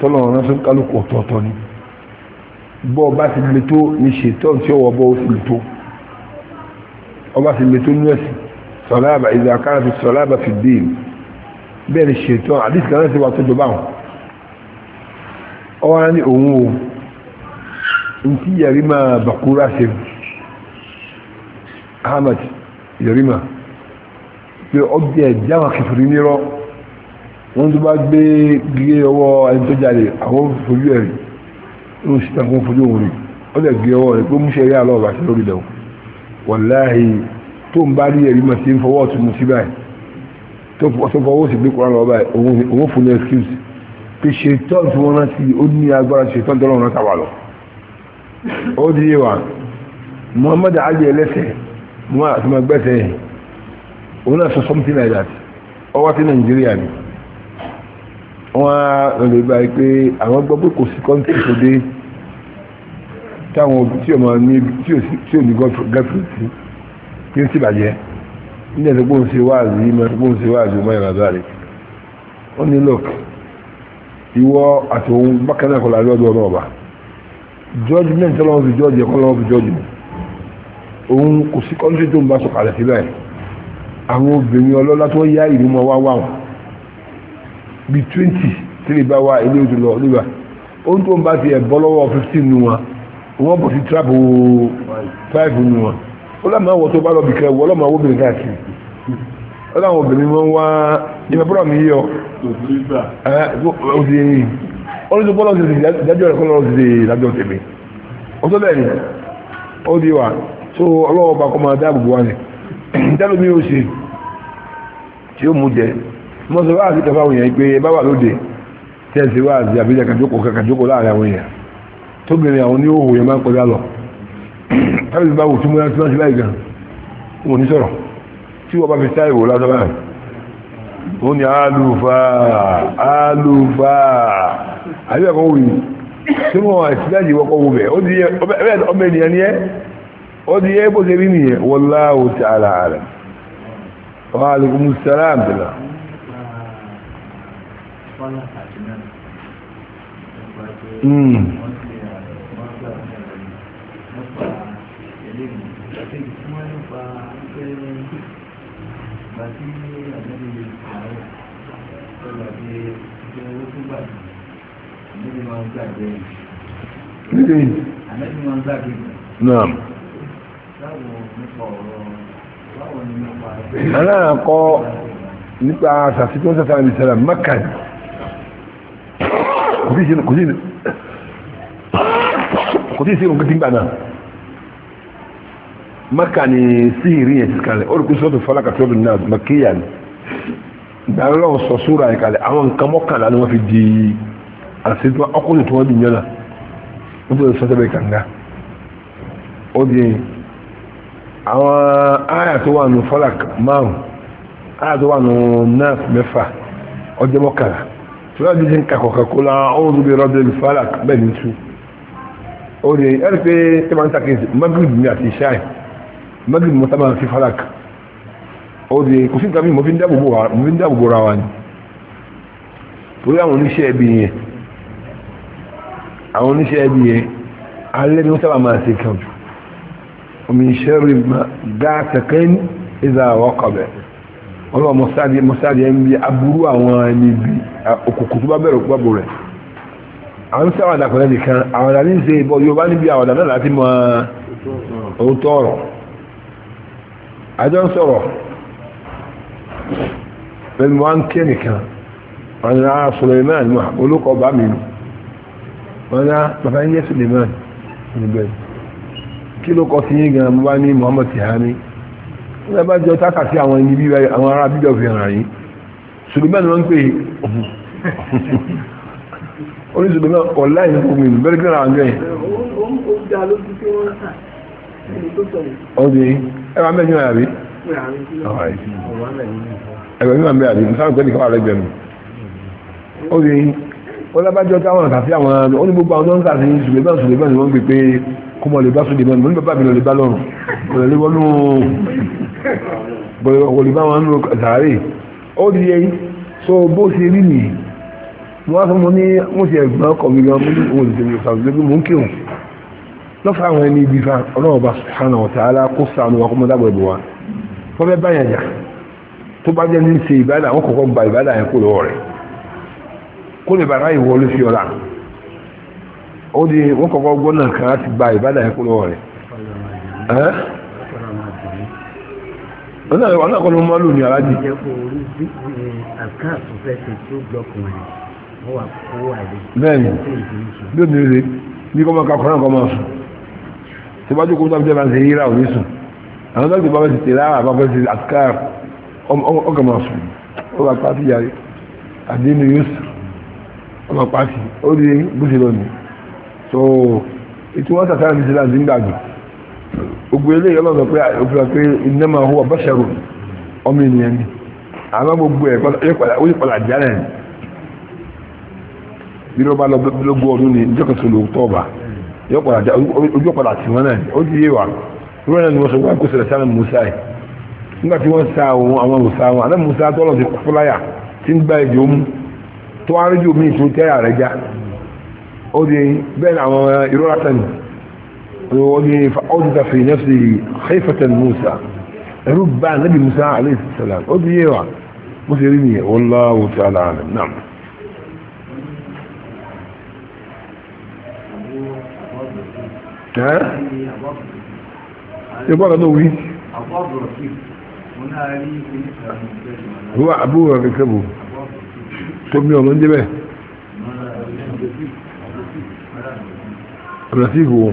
tọ́lọ̀ ránṣẹ́ kálukú ọ̀tọ̀ọ̀tọ̀ ni bọ́ ọba ti le tó ní ṣètọ́n tí ọwọ́ bọ́ ó sì le tó ọba ti le tó nú ẹ̀sìn sọ̀láàbà ìdàkára fi sọ̀láàbà fi dé bẹ́ẹ̀ ni ṣètọ́n àdìsí kan náà ti wà tó jọba wọn ọwọ́ ní òun o ntí yàrímà bàkúrà ṣe Ahmad yàrímà pé ọgbẹ́ ẹ̀jáwà kìfìrí nírọ́ wọ́n tó bá gbé gígé ọwọ́ ẹni tó jáde àwọn fojú ẹ̀rí inú síta fún fojú òun rí ó lè gé ọwọ́ rẹ̀ pé mú ṣe rí àlọ́ ọ̀bà sí lórí lẹ́wọ̀ wàláhì tó ń bá rí ẹ̀rí mà sí ń fọwọ́ ọ̀tún mu sí báyìí tó fọwọ́ sí gbé kúrò lọ́wọ́ báyìí òun fún ní excuse pé ṣètọ́n tí wọ́n rántí ó ní agbára ṣètọ́n tó lọ́rùn rántàwà lọ ó di yé wa muhammad ajé ẹlẹ́sẹ̀ mo máa gbẹ́sẹ̀ òun náà sọ something like that ọwọ́ sí nàìjíríà ni wọ́n lè báyìí pé àwọn gbọ́ pé kò sí kọ́ńtì tó dé táwọn tí ọmọ ní tí ò ní gọ́ọ̀fù sí kí n sì bàjẹ́ nígbà tó gbóhùn sí wáàzì gbóhùn sí wáàzì ọmọ ìrànlọ́wọ́ rẹ̀ ó ní lọ́ọ̀kì ìwọ àtòun bákan náà kọlà lọ́dọ̀ ọmọ ọba judgment ọlọ́run fi judge ẹ̀kọ́ ọlọ́run fi judge òun kò sí kọ́ńtì tó ń bá sọ̀kalẹ̀ síbẹ̀ àwọn obìnrin ọlọ́lá tó yá ìlú mọ́ wá wà wọn bí twenty tí lè bá wá ilé oṣù lọ nígbà ohun tó ń bá ti ẹ̀ bọ́ lọ́wọ́ fifteen nu wọn wọ́n bọ̀ sí trap five nu wọn ó lámà wọ́n tó bá lọ bìkẹ́ wọ́n lámà wọ́n bìrì káàkiri ó láwọn obìnrin wọn wá ìmọ̀ bọ́lá mi yíyọ ọdún tó bọ́lá ti ṣe ìdájọ́ rẹ̀ kọ́ lọ́wọ́ ti ṣe ìdájọ́ tèmi ó tó bẹ́ẹ̀ ni ó di wa tó ọlọ́wọ́ bá kọ́ máa dáàbò bò wá ni ìdálómi ó ṣe tí ó mú jẹ mọ́sọ wá sí kẹfà òyìn pé ẹ wà lóde tẹ́sí wá sí àbíjà kàjókò kàjókò láàrin àwọn èèyàn tó bẹ̀rẹ̀ àwọn ní òhò yẹn máa ń kọjá lọ tábìlì bá wò tí mo yá sí láti láì gan ní sọ̀rọ̀ tí wọ́n bá fi ó ní àlùfà àlùfà àbí ẹ̀kọ́ wò yìí tí Naam. Aláàkọ́ nípa sàfikún sàtàlì sàlà Mẹ́kà ni kò sí ìṣẹ́nu kò sí ìṣẹ́nu kò sí ìṣẹ́nu kò sí ìgbà náà maka ni sihiri yẹn ti kalẹ̀ ó rí kí sọ́tù fọlá kàtí ọdún náà makiya ni ìdáná lọ́wọ́ sọ súra yẹn kalẹ̀ àwọn nǹkan mọ́kànlá ni wọ́n fi di àti tí wọ́n ọkùnrin tí wọ́n bí yànnà wọ́n bẹ̀rẹ̀ sọ́tù bẹ́ẹ̀ kànga ó di àwọn àyà tó wà nù fọlá márùn àyà tó wà nù náà mẹ́fà ọjọ́ mọ́kànlá tíwájú sí kakọ̀kọ̀kọ́lá oòrùn bí rọ́dẹ̀ falak bẹ́ẹ̀ ní tú ó rí ẹ̀rí pé tí wọ́n ń sàkíyèsí magrib ní àti ṣáì magrib mọ́ta máa fi falak ó rí kò sí nǹkan mi mo fi ń dáàbòbò ra wa ni torí àwọn oníṣẹ́ ẹbí yẹn àwọn oníṣẹ́ ẹbí yẹn alẹ́ ni wọ́n sábà máa ṣe kan jù omi ìṣẹ́rì gáàsì kan ìzà àwọ̀kọ̀bẹ̀ ọlọ́wọ́ mọ̀sáàdì mọ̀sáàdì ẹ̀ ń bí aburú àwọn ẹni bí òkùnkùn tó bá bẹ̀rẹ̀ òkú bàbò rẹ̀ àwọn sáwọn àdàkọ̀lẹ́ nìkan àwọn àdàní ń ṣe ìbọn Yorùbá níbi àwọn àdàní láti mọ òótọ́ ọ̀rọ̀ àjọ ń sọ̀rọ̀ pẹ̀lú wọn ké nìkan wọn ni ara ah, Suleiman mọ olókọ bá mi nù wọn ni ah, bàbá ń yẹ Suleiman níbẹ̀ kí ló kọ sí yín gan mo bá ní Muhammad Tihani ní ẹbá jọ tákà sí àwọn ẹni bíbá àwọn ará bíbá fi hàn yìí sùlùmẹ́ni wọ́n ń pè orí sùlùmẹ́ ọ̀lá ìlú omi ìlú bẹ́rẹ̀ gbẹ́ra àgbẹ̀ ọdún ẹwà mẹ́jọ àbí ẹgbẹ̀ mímọ̀ mẹ́ àbí nǹkan ìgbẹ́ nìkan àrẹ gbẹ̀mù ọdún wọ́n lábájọ́ táwọn àtàfí àwọn ó ní gbogbo àwọn tó ń tàfí sùlùmẹ́ sùlùmẹ́ ni wọ́n ń pè pé kó mọ̀ lè bá sùlùmẹ́ ni wọ́n ní bàbá mi lọ lè bá lọ́rùn lọ́lẹ́wọ́lú wòlì bá wọn nù sàárè ó di yẹ so bó ṣe rí nìyí mo wá fún mo ní mo ṣe ẹ̀gbọ́n ọkọ̀ mi gan mo ní òun ìṣẹ̀lẹ̀ ìṣàlùfẹ́ lórí mo ń kéwòn lọ́fà àwọn ẹni ibi fa ọlọ́run ọba subhanahu wa ta'ala kó sànù wa kó mọ́ dábọ̀ ìbò wa wọ́n fẹ́ báyàn jà tó bá jẹ́ ní ṣe ìbádà àwọn kọ̀ọ̀kan gba ìbádà yẹn kó lọ́wọ́ rẹ̀ kó lè bàrá ìwọlé sí ọ̀la ó di wọ́n kọ̀ọ̀kan gbọ́nà kan láti gba ìbádà yẹn kó lọ́wọ́ rẹ̀ ọ̀nà àkọlù mọ́ lò ní alájì. Eh, bẹ́ẹ̀ni bí o nílé bí kọ́ máa kakọ̀ọ́ náà kọ́ máa sùn tí bá jókòó tàbí jẹ́ máa ṣe yíra òní sùn àwọn tó ti bá bẹ́ẹ̀ ti tẹ̀lé àwọn àbáfẹ́ ti àtìká ọkọ̀ máa sùn ó wà pàtì yàrí àdínú yóò sùn ọmọ pàtì ó rí bó ṣe lọ sàtàrà ní ṣe láti ń gbàgbé gbogbo eléyìí ọlọ́dọ̀ pé òfin pé innama huwa basharun ọmọ ènìyàn ni àmọ́ gbogbo ẹ̀ ó yí padà jálẹ̀ ni bí ló bá lọ lógún ọdún ni jọ́kẹ̀sọ ló tọ́ ọba ojú padà tì wọ́n náà ó ti yé wa lórí náà ni wọ́n sọ wọ́n kó sáré Musa yìí nígbà tí wọ́n sa àwọn àwọn Musa wọn àná Musa tó فأوجد في نفسه خيفة موسى ربع نبي موسى عليه السلام أوجد يوعى إيه يعني؟ مسيريني إيه؟ والله تعالى عالم نعم ها يبقى دوي هو ابوه ركبه طب يوم عندي به رفيقه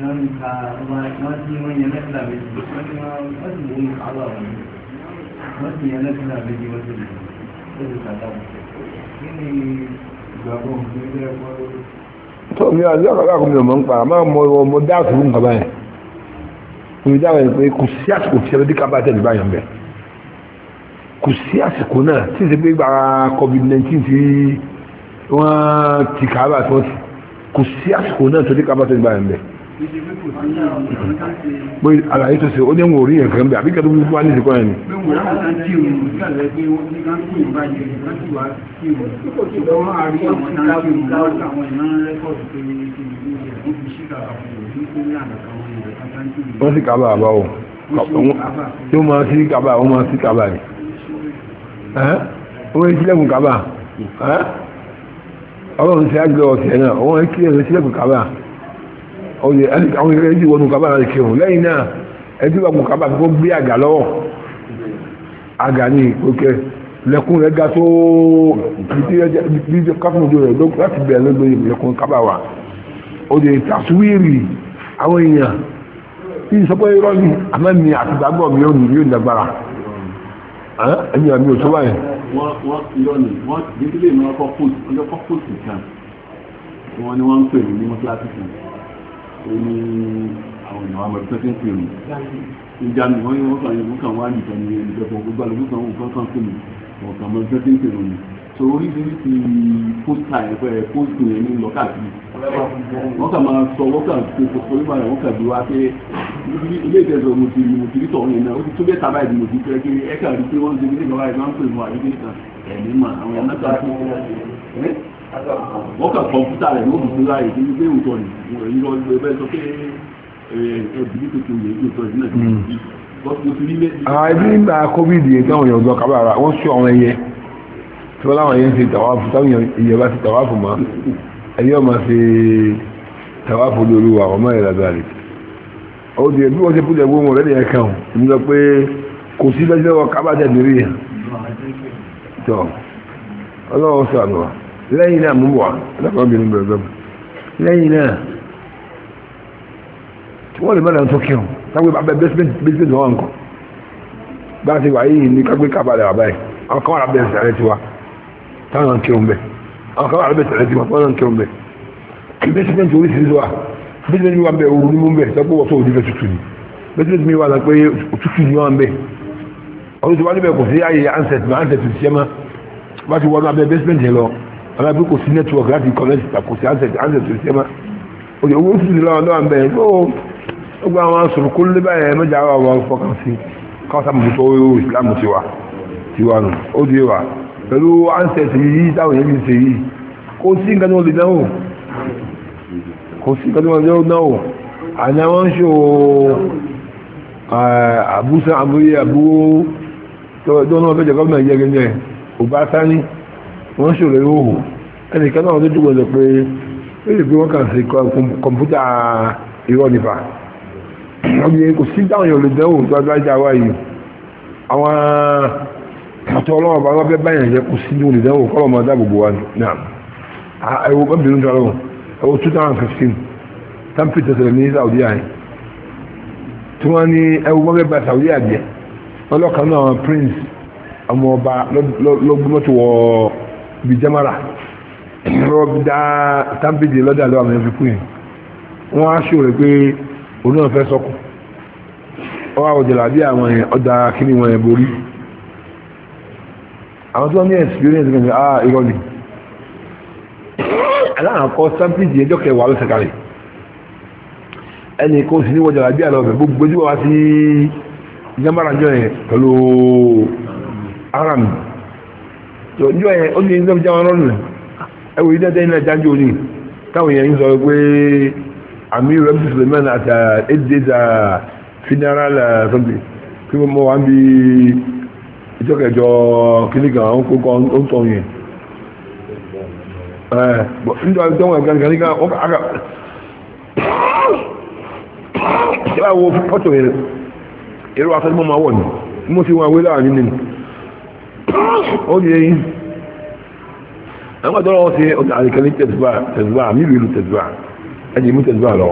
wọ́n ń ka wọ́n tí wọ́n yẹn lẹ́tìlá méjì wọ́n tí wọ́n sì wọ́n ká wà wọ́n wọ́n sì yẹn lẹ́tìlá méjì wọ́n sì wọ́n sì kàdá wọ́n. kí ni ìgbàgbọ́ mi bẹ́ẹ̀ kọ́ lórí. tó mi ò lọ́kọ̀ lọ́kọ̀ mi ò mọ̀ mo mo dá àtúrú nǹkan báyẹn mo dá àwọn ìpè kò sí àsìkò tí ẹlẹ́dí ká bá tẹ̀lé báyọ̀ bẹ́ẹ̀ kò sí àsìkò náà tí ìṣe pé gba covid nineteen tí wọ́n ti kàá bá tí ti kò sí àsìkò náà tó dé bá tẹ̀lé báyọ̀ bẹ́ẹ̀ pé àlàyé tó ṣe ó dẹ́wọ̀n orí ẹ̀kan ń bẹ̀ àbíkẹ́ tó gbogbo wá ní ìsìnkú ẹni. wọ́n sì kábà àbá o yóò máa sí kábà ó máa sí kábà ni ó wọ́n sílẹ̀kùn kábà ọlọ́run ṣe àgbẹ̀ ọ̀sẹ̀ náà ó wọ́n sílẹ̀kùn kábà ọyẹ àwọn ẹgbẹ́ ẹjì wọnú kábà láti kírun lẹ́yìn náà ẹjì wọnú kábà tó gbé àgà lọ́wọ́ àgà ní òkè lẹ́kùn rẹ̀ ga tó bí káfíńdò rẹ̀ láti bẹ̀rẹ̀ lórí lẹ́kùn kábà wà ó lè tàṣíwìrì àwọn èèyàn tí ìsọpọ̀ irọ́ ni àmọ́ mi àti gbàgbọ́ mi ò ní yóò dàgbára ẹ̀yìn àmì òtún báyìí. wọ́n wọ́n irọ́ ni wọ́n dídílé ni wọ́n kọ́ fóòtù wọ́n kọ́ fóòtù kan wọ́n ni wọ́n ń pè ní mọ́tíláṣí kan ní àwọn èèyàn àmọ̀ ìpẹ́kẹ́ pè mí ni wọ́n yóò kàn yóò kàn wá nìkan ní ẹni tẹ́kọ̀ọ́ gbogbo àlùkò kan òun kan kàn pè mí wọ́n kàn mọ̀ ìpẹ́kẹ́ pè mí so oríṣiríṣi pósítà ẹ̀fẹ́ pósítì yẹn ní lọ káàkiri wọ́n kàn máa sọ wọ́n kàn ṣe kòkòrò ìgbà rẹ̀ wọ́n kàn bí wá pé ilé ìtẹ̀sọ̀ mo ti mo ti rí tọ̀hún yẹn náà ó ti tó bẹ́ẹ̀ tábà ìdìbò ti fẹ́ kiri ẹ̀ka rí pé wọ́n ń ṣe bí nígbà wáyé máa ń pè mọ́ àdébí nìkan ẹ̀mí mà àwọn ẹ̀ wọ́n kà kọ̀ǹpútà rẹ̀ yóò mú láàyè ní ilé ìwòtọ́ ni èyí lọ ilé ẹgbẹ́ sọ pé ẹbí ní tòkè òye ìwòtọ́ ní nàìjíríà. àwọn ẹbí nígbà covid yẹn táwọn èèyàn gbọ́ kábàárà wọ́n sọ àwọn ẹyẹ tí wọ́n láwọn ẹyẹ ń ṣe tàwáfù táwọn èèyàn bá ti tàwáfù mọ́ ẹyẹ ọmọ ṣe tàwáfù lórí wa ọmọ ìlà bàrẹ̀. ó di ẹbí wọ́n ṣe kúlẹ̀ gbóhùn rẹ̀ nìyẹn kan ń lọ pé kò sí lọ́jọ́ kábàtẹ̀ lórí yẹn. ọlọ́run sọ àná lẹ́yìn náà mú wà lọ́pọ̀bìnrin bẹ̀rẹ̀ lẹ́yìn náà tí wọ́n lè mẹ́rẹ̀ tó kírùn táwọn ìbá bẹ́sẹ̀ lọ́wọ́ nǹkan bá ti wà yìí ní kágbé kábàlẹ̀ àbáyé àwọn kan wà bẹ́sẹ̀ rẹ̀ tiwa táwọn kírùn bẹ́ àwọn kan wà bẹ́sẹ̀ rẹ̀ tiwa táwọn kírùn bẹ́ bẹ́sẹ̀ tó rí sí wa bẹ́sẹ̀ mi wà bẹ́ òru ní mú bẹ́ sọ́pọ̀ wọ́sọ̀ òdì fẹ́ tutù ni bẹ́sẹ̀ mi wà pé òtútù ni wọ́n bẹ́ bá ti wọ́n abẹ́ bẹ́sẹ̀ lọ àwọn àbí kò sí network láti connect kò sí access access tó ṣe máa òye owó sì lọ́wọ́ lọ́wọ́ ń bẹ̀rẹ̀ tó ó gba àwọn sọ̀rọ̀ kó lé báyẹn mẹ́jà wà wọ́n fọkàn sí káwọ́sá mú tó owó ìsìlámù ti wà ti wà nù ó di wà pẹ̀lú access yìí táwọn yẹn ti ṣe yìí kò sí nǹkan tó lè náwó kò sí nǹkan tó lè náwó àná wọn ń ṣe àbúsá àbúyé àbúwó tó náà fẹ́jọ gọ́ọ̀mẹ̀ yẹ gẹ́gẹ́ Ọbásanjí wọ́n ṣòro ìhòhò ẹnìkan náà tó dúgbò lọ pé ó lè pé wọ́n kàn sí kọ̀mpútà irọ́ nípa ọmọdé kò sí dáhùn yóò lè dẹ́wò tó agbájá wá yìí àwọn àtọ́ ọlọ́wọ́ bá wọ́n fẹ́ báyìí jẹ́ kò sí yóò lè dẹ́wò kọ́lọ̀ máa dáàbòbò wa náà ẹ̀wọ̀ bẹ́bìnrin tó lọ́wọ́ ẹ̀wọ̀ 2015 tampi tẹ̀sẹ̀lẹ̀ ní Saudi ayé tí wọ́n ní ẹ̀wọ̀ wọ́n fẹ́ bá Saudi àjẹ́ ọlọ́kan náà prince ọmọ ọba lọ́gbọ́n tó wọ́ọ́ bi jẹ́mọ́ra ìrọ̀ dá ọ lọ́dà lọ́wọ́ àwọn ẹ̀fíkú yẹn wọ́n á ṣòro pé òun wọn ẹ̀ borí àwọn tó ní experience kan ah irọ́ ni aláàkọ́ tábìlì ẹjọ́ kẹwàá lọ́sẹ̀ ẹni kó gbogbo ojú wa jọ yẹn tó njọ́ yẹn ó ní ní sọ́fíjà wọn lọ́nà ẹwọ yìí dẹ́tẹ́ iná jájú òní táwọn èèyàn ń sọ pé amir abdul suleiman àti ẹ̀dẹ́dà uh, uh, funeral uh, something kí wọ́n mọ wá ń bi ìjọkẹjọ kíníkà àwọn kókó ó ń tọ̀ yẹn njọ́ àti tọ́wọ́n ẹ̀ka nìkan nìkan ó kà ṣe báwo fọ́tò yẹn èrò àtọ́jú mọ́ máa wọ̀ ni mo ti wọn àwé láàrin nínú ó di eyín àwọn àdọ́rọ̀ wọn ṣe ọjà àríkẹ́ ní tẹ̀síwá mílùú ìlú tẹ̀síwá ẹ̀jẹ̀ mú tẹ̀síwá lọ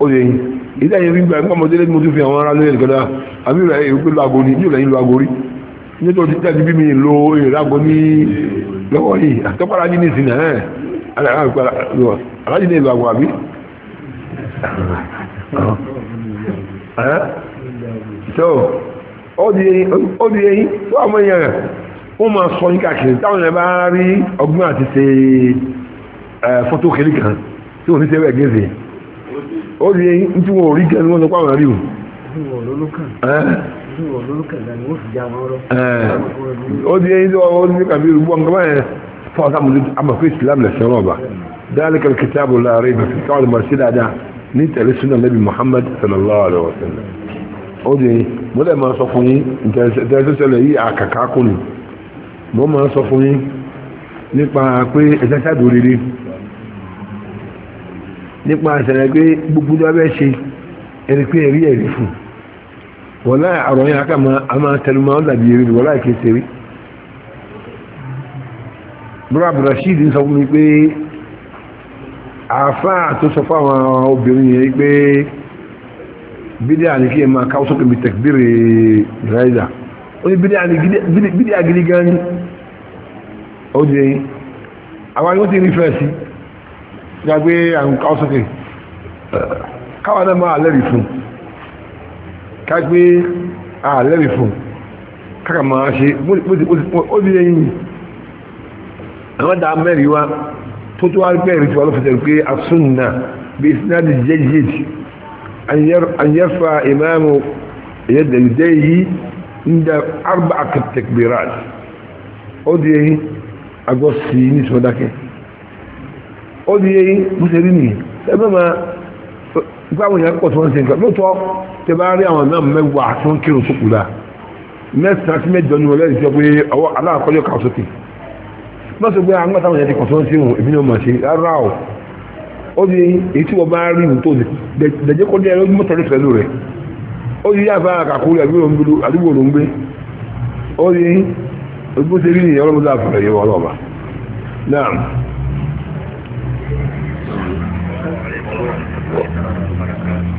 ó di eyín ilé ayé gbígbà ẹ̀kọ́ ọmọdé lẹ́nu mo tún fi àwọn ará lórí ẹ̀kọ́dá àmì ìrẹ̀ èyí pé lago ni yóò lẹ́yìn lago rí nítorí títà ti bí mi lo ìrago ní lọ́wọ́ yìí àtọ́pàrà ní ní ìsìn ẹ̀ aláàjì ní ìlú àgọ́ àbí tó ọdún yẹn tó àwọn èèyàn wọ́n máa sọ ní káàkiri táwọn èèyàn bá rí ọgbọ́n àti ṣe fọ́tò kiri kan tí wọ́n ti ṣe ẹgbẹ́ ṣe ọdún yẹn tí wọ́n rí gẹ́gẹ́ wọ́n sọ pé àwọn rí o. ọdún yẹn tí wọ́n ní kàbí rúgbọ́ nǹkan báyẹn fún ọ̀sán mo ní amọ̀fẹ́ ìsìlámù lẹ̀sẹ̀ ọ̀rọ̀ ọ̀bà dáálẹ́kẹ̀lẹ́ kìtàbù láàrin ìbẹ̀fẹ̀ káwọn ọmọ sí dáadáa ní tẹ̀lé sunnah nabi Muhammad sallallahu alaihi wa sallam ó de ma sọ fún yín ìtẹ̀sẹ̀sẹ̀lẹ̀ yìí àkàkà kù ni mo ma sọ fún yín nípa pé ẹ̀sẹ̀ ṣàdó nípa pé gbogbo ní abẹ́ ṣe ẹni pé ẹ̀rí ẹ̀rí fún wọ́n láì aka ma a máa tẹnu máa ń dàbí eré wọ́n láì kí ṣeré bọ́lá Rashid sọ fún mi pé àáfàá tó sọ fún àwọn obìnrin yẹn pé bidiya ne ke ma kawo suka bi takbiri raida wani bidiya ne bidiya gidi gani o je yi àwọn yóò ti rí fẹ́ sí gbàgbé àwọn kawo suka káwọn náà máa lẹ́rìí fún kágbé à lẹ́rìí fún káka máa ṣe ó di ẹyin àwọn dáa mẹ́rin wa tó tó wá gbẹ̀rẹ̀ tí wọ́n lọ́fẹ̀ẹ́ pé asúnà bí sinadi jẹ́jẹ́jì أن يرفع إمامه يد يديه عند أربعة التكبيرات أوديه أقصي نسمة ذاك أوديه مسلمين سبما gbáwọn èèyàn pọ̀ tí wọ́n ń ṣe nǹkan lóòótọ́ tẹ bá rí àwọn náà mẹ́wàá tí wọ́n kírun sókù la mẹ́sàn-án sí mẹ́jọ ni wọ́n lẹ́yìn sọ pé ọwọ́ aláàkọ́jọ́ ó ní èyí tí wọ́n bá rí ìwò tó ní dẹ̀jẹ́ kó dé ẹlọ́gbọ́n tọ́lú pẹ̀lú rẹ̀ ó ní yáàfà àkàkúrẹ́ àdúgbò ló ń gbé ó ní ojú ṣe rí ìyẹn ọlọ́mọdé àfàrẹ̀ yẹn wọ́n ọba náà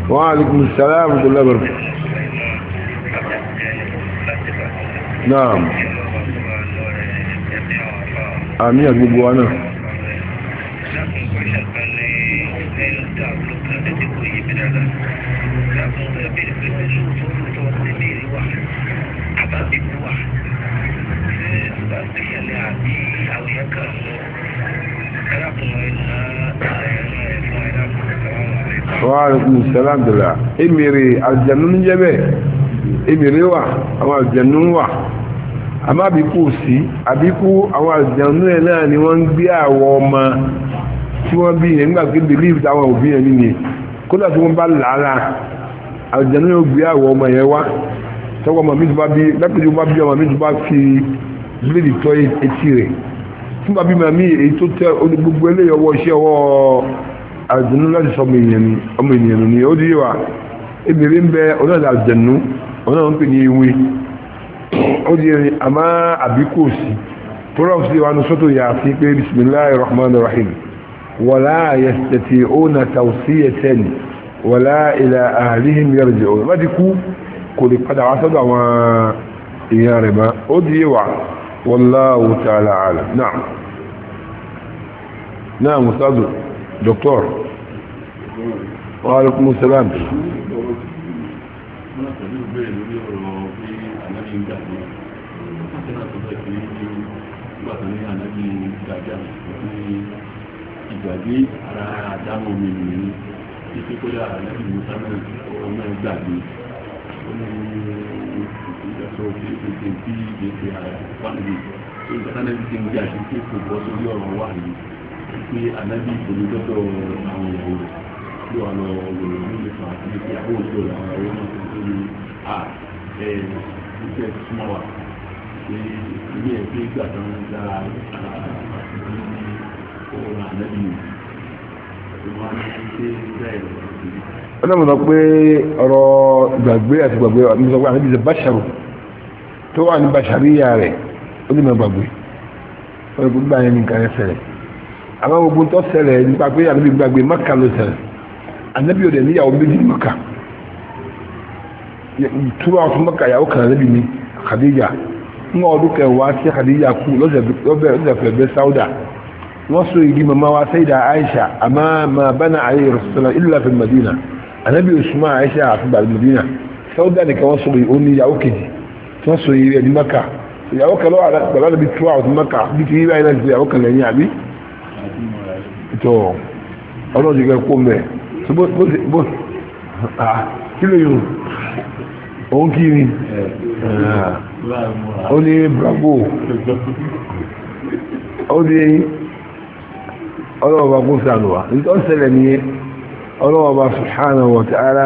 wọ́n á lùkùn sàlámù tó lẹ́bẹ̀rù náà àmì àgbègbè àbí àwọn èèyàn kan mú ẹlẹ́kùnrin náà ẹ̀rọ ẹ̀fọn ẹlẹ́kùnrin. wa aleykum salaam dala emere alijanu ni jẹ bẹ́ẹ̀ emere wa àwọn alijanu wa àmọ́ àbíkú sí àbíkú àwọn àjànú ẹ̀ náà ni wọ́n ń gbé àwọ ọmọ tí wọ́n bí yẹn nígbà pé believe táwọn òbí yẹn nínú kódà tí wọ́n bá làálà àjànú yóò gbé àwọ ọmọ yẹn wá tọ́wọ́ ọmọ mi tó bá bí lẹ́pẹ̀lú bá bí ọmọ mi tó bá fi bíléèdì tọ́ etí rẹ̀ fún bàbí màmí èyí tó tẹ gbogbo eléyìí ọwọ́ iṣẹ́ ọwọ́ àdùnnú láti sọ ọmọ ènìyàn ni ó di wa ebèrè ń bẹ ọlọ́dà àdùnnú ọlọ́dà ń pè ní ewé ó di ẹni àmọ́ àbíkò sí prof sí wa ní sọ́tò yà sí pé bisimilahi rahman rahim wàlá yẹsẹ̀tì ọ̀nà tàwùsíyẹtẹ̀ni wàlá ilà àhàlìhìn yẹrìjẹ̀ ọ̀nà bá ti kú kò lè padà wá sọ́dọ̀ àwọn èèyàn rẹ̀ mọ́ ó di wa. والله تعالى عالم نعم نعم أستاذ دكتور وعليكم السلام ìgbàgbé ara àdámọ̀ mi nìyí títí kó lẹ́yìn mọ́sánà ọmọ ìgbàgbé ṣe bí ìgbésí àfáàlì tó ń tánà bí mo jẹ́ àṣẹ pé kò bọ́ sórí ọ̀rọ̀ wà ní pé ànábì ìgbòmí lọ́dọ̀ àwọn ìyàwó rẹ̀ ló wà lọ ọ̀rọ̀ nílé fún àti pé àwọn òṣèlú àwọn ìyàwó náà tó tó ní à ẹ̀ iṣẹ́ súnmọ́ wa pé ilé ẹ̀ pé ìgbà tó ń da ọ̀rọ̀ ànábì ọlọ́run pé ọ̀rọ̀ ìgbàgbé àti ìgbàgbé ọ̀rọ̀ àti ìgbàgbé àti ìgbàgbé àti ìgbàgbé tó wà ní bàṣàríyà rẹ̀ ó lè mẹ́gbàgbé ọ̀rẹ́ gbogbo àyẹ̀ ní nǹkan ẹsẹ̀lẹ̀ àwọn ogun tó ṣẹlẹ̀ nípa pé ànábì gbàgbé maka ló ṣẹlẹ̀ ànábì ò dẹ̀ níyàwó méjì maka túbọ̀ fún maka yàwó kan ànábì ní Khadija ń ọdún kẹwàá sí Khadija kú lọ́sẹ̀ fẹ̀bẹ̀ sáúdà wọ́n so igi mama wa sayida Aisha àmà ma bana ayé rasulullah illa fi Madina ànábì Usman Aisha àti bàbá Madina sáúdà nìkan wọ́n so igi yàwó kejì tí wọ́n sọ yìí ẹni mẹ́ka ìyàwó kan lọ́wọ́ àgbàlá níbi tú àwọn tó mẹ́ka bí kì í báyìí náà ti ìyàwó kan lẹ́yìn àbí tó ọlọ́run ti kẹ́ kó mẹ́ bó ah, kí ló yòó òun kí ni ah. ó ní bravo ó ní ọlọ́wọ́ bá kó sànù wa nítorí sẹ́lẹ̀ ní ọlọ́wọ́ bá subhanahu wa ta'ala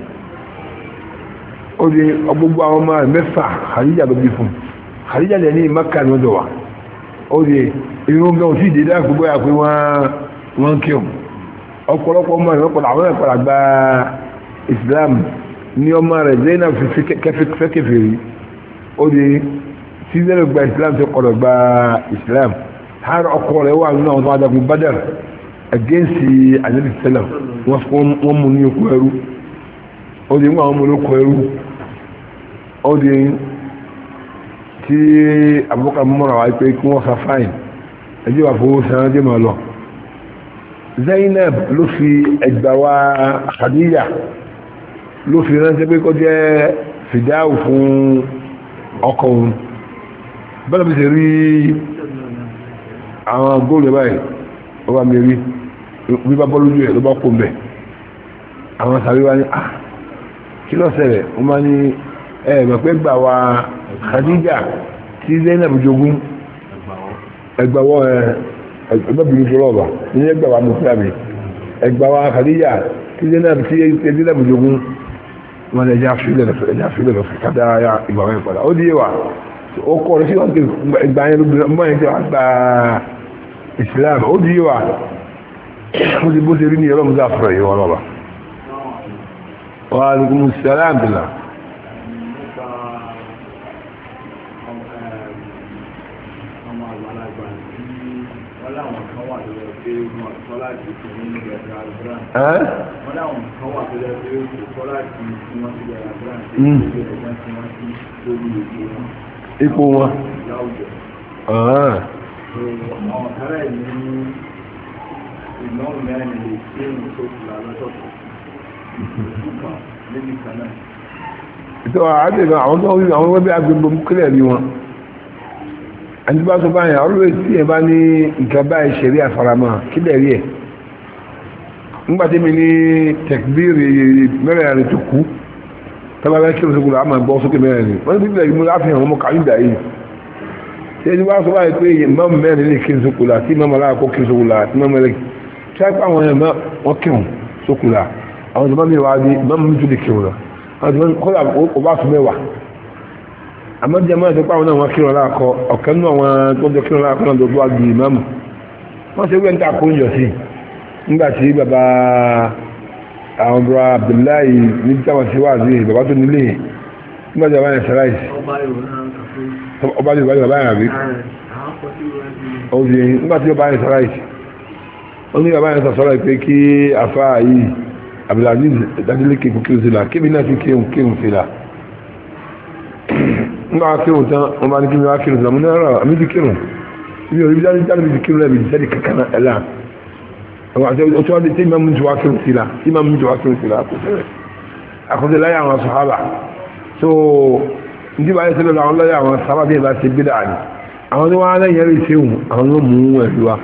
ó di gbogbo àwọn ọmọ rẹ̀ mẹ́fà Khadija ló bí fún Khadija lẹ̀ ní Maka ní ọjọ́ wa ó di irun gan òtí ìdè dáàbò bóyá pé wọ́n kí òun ọ̀pọ̀lọpọ̀ ọmọ rẹ̀ ọ̀pọ̀lọpọ̀ àwọn ẹ̀pọ̀lọpọ̀ àgbà Islam ní ọmọ rẹ̀ Zainab fi kẹfẹ́kẹfẹ́rí ó di tí Zainab gba Islam tó kọ̀dọ̀ gba Islam har ọkọ rẹ̀ wà nínú àwọn tó wà against Anabi sallam wọ́n mú ní okú ẹrú ó di wọ́n àwọn ọmọ ẹrú ó di eyín tí abúkà múra wáyé pé kí wọ́n sa fáìn ẹjọ́ wà fowó san ẹjọ́ máa lọ Zainab ló fi ẹgbà wa Khadija ló fi ránṣẹ́ pé kó jẹ́ fìdáwù fún ọkọ òun bẹ́ẹ̀ bí ṣe rí àwọn góòlù báyìí ó bá mi rí bí bá bọ́ lójú ẹ̀ ló bá kó mbẹ̀ àwọn sàbí wa ah kí ló ṣẹlẹ̀ ó máa ní ẹ̀mọ̀ Khadija tí Zainab jogún ẹgbàwọ́ ẹgbẹ́bìnrin tó lọ́ọ̀bà ní ẹgbà mùsùlùmí ẹgbà Khadija tí Zainab tí Zainab jogún wọn lè já fílẹ̀ lọ́fẹ̀ lè já wa ó kọ́ ọ sí wọn ti gbà yẹn lóbìnrin mọ́ Islam Hmm. ipò wọn ìtọ́ àádẹ́gbà àwọn tó wípé àwọn wẹ́bẹ́ agbègbè kílẹ̀ rí wọn ẹni bá tó báyìí àwọn olóòtú ẹ̀ bá ní ìkàbá ìṣẹ̀rí àfaramọ́ kílẹ̀ rí ẹ̀ nígbàtí mi ní tẹ̀kbírì mẹ́rẹ̀ rẹ̀ tó kú tábàbẹ́ kí ló sókòlò àmà gbọ́ sókè mẹ́rẹ̀ rẹ̀ wọ́n ti bí ìgbìmọ̀ láfihàn ọmọ kàyídà yìí tí ẹni wá sọ báyìí pé ìmọ̀mù mẹ́rin lè kí sókòlò àti ìmọ̀mù aláàkọ́ kí sókòlò àti ìmọ̀mù rẹ̀ tí wọ́n pàwọn ẹ̀mọ́ wọ́n kírun sókòlò àwọn ìjọba mi wá ní ìmọ̀mù mi tún lè kírun lọ àwọn ìjọba kọ́lá ó bá fún mẹ́wàá àmọ́ jẹ́ mọ́ ẹ̀sẹ̀ pàwọn náà àwọn tó jọ kírun láàkọ́ náà tó wá di ìmọ̀mù wọ́n ṣe wíwẹ́ nígbàtí bàbá àwọn bro abdullahi ní jáwọn sí wáàzí bàbá tó nílé nígbàtí bàbá yẹn sàráìsì ọba yóò bàbá yẹn àbí ọdún nígbàtí bàbá yẹn sàráìsì ó ní bàbá yẹn sàsọ́rọ̀ pé kí afá yìí abdulaziz dájílé kéèkù kí o sí là kébì náà ti kéèkù kéèkù sí là nígbà kéèkù tán wọn bá ní kí wọn bá kéèkù sí là mo ní ara mi ti kéèkù ibi òbí dájú dájú mi ti kéèkù lẹ́bi ìṣẹ́ni kankan náà ẹ̀ láà ọ̀tọ́ ọdún tí imam jù wá kírù sílá imam jù wá kírù sílá àkọsí so ndí bá yẹ sílẹ̀ àwọn láyé àwọn sábà bí ìbá ti bídà ní àwọn tí wọ́n á lẹ́yìn rí sí òun àwọn ló mú un ẹ̀rí wa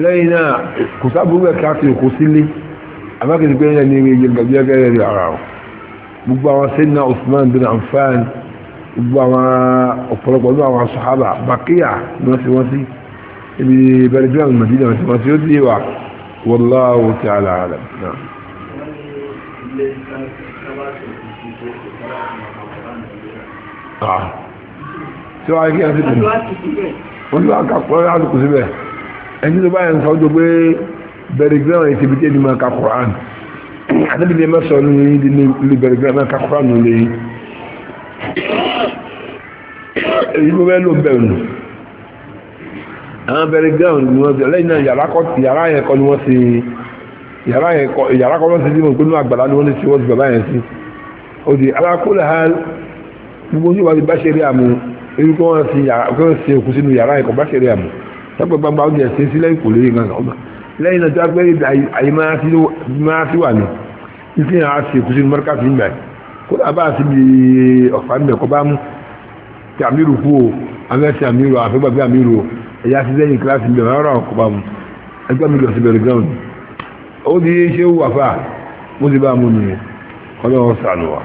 lẹ́yìn náà kò sábúrú ẹ̀ka sí òkú sílé abákejì pé ẹni rí iye gàbí ẹgẹ́ rí ara والله تعالى عالم. نعم آه. tí wọ́n á kí ẹ̀sìn tẹ̀lé wọ́n tí wọ́n á kàkọ́ láti kù síbẹ̀ ẹni tó báyìí nǹkan tó gbé bẹ̀rẹ̀gíràn ètò ibi tí ẹni máa ka Quran àdébí ni ẹ máa sọ ní ilé bẹ̀rẹ̀gíràn máa ka Quran lónìí èyí ló bẹ́ẹ̀ ló bẹ̀rù àwọn bẹ̀rẹ̀ gẹ́rùn ni wọ́n fi lẹ́yìn náà yàrá yẹn kọ́ ni wọ́n ti yàrá yẹn kọ́ yàrá kọ́ lọ́sí dímọ̀ pé ní àgbàlá ni wọ́n ti wọ́n ti bàbá yẹn sí ó di alákólà ha gbogbo ní ìwádìí bá ṣe rí àmú ebi kí wọ́n ti yàrá kí wọ́n ti ṣe òkú sínú yàrá yẹn kọ́ bá ṣe rí àmú sọ́pẹ́ gbangba ó di ẹ̀sìn sí lẹ́yìn kò lè yìn ọba lẹ́yìn náà tó a pẹ́ àyè máa ti wà ní ìfi hàn á ṣe òkú sínú mọ́ríkà sí ìgbà kó dà bá a ti bi ọ̀fà ń bẹ̀ kọ́ bá mú ti àmì rù kú o àmì ẹ̀sìn àmì rù ẹ̀yà ti sẹ́yìn kíláàsì ń bẹ̀rẹ̀ ọ̀rọ̀ ọ̀kọ́ bá mu ẹgbẹ́ mi lọ sí bẹ̀rẹ̀ ground ó di ṣé wà fà mo ti bá a mú nìyẹn kọ́lọ́ sànù wa.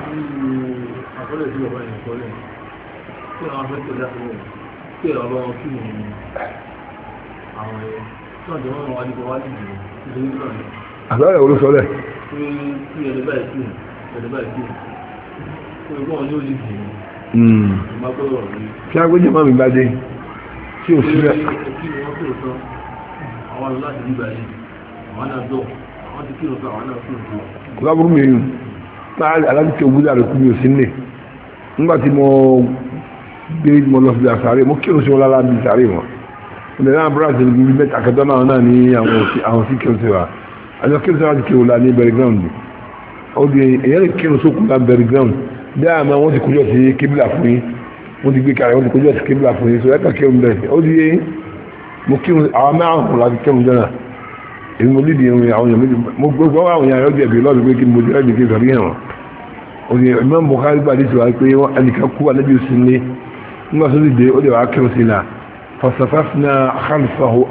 àbẹ̀rẹ̀ wo ló sọ lẹ̀. Hmm. kí a gbé jẹ́ mọ́ mi bá dé tí ò sílẹ̀ lábúrú mi yìí máa aláàbíkẹ́ ògbúdà rẹ̀ kú mi ò sí nílé nígbàtí mo gbé mo lọ sílẹ̀ àsáré mo kírun sí wọn lára bí sáré wọn ilẹ̀ náà brazil níbi mẹ́ta kẹta náà náà ní àwọn sí kírun sí wa àjọ kírun sí wa ti kírun la ní bẹ̀rẹ̀ ground ó di èyàn lè kírun sókùn lá bẹ̀rẹ̀ ground dáàmà wọ́n ti kújọ sí kébìlà fún yín ó ti gbé kalẹ̀ ó ti kójú ẹ̀sì kébìlà fún yìí so ẹ̀ka kí omi bẹ̀rẹ̀ ó ti yé mo kí àwọn mẹ́rin kò láti kí omi jọ́nà èmi mo lídìí ìrìn àwọn èèyàn méjì mo gbogbo àwọn èèyàn yóò jẹ̀bi lọ́ọ̀bì pé kí mo jẹ́ ẹ̀jẹ̀ kébìlà bí hàn ó ti Imam Bukhari gbàdé ti wá pé ẹnìkan kú alẹ́bí oṣù ní nígbà tó ti ó lè wá kí omi sí la fasafafna khalfahu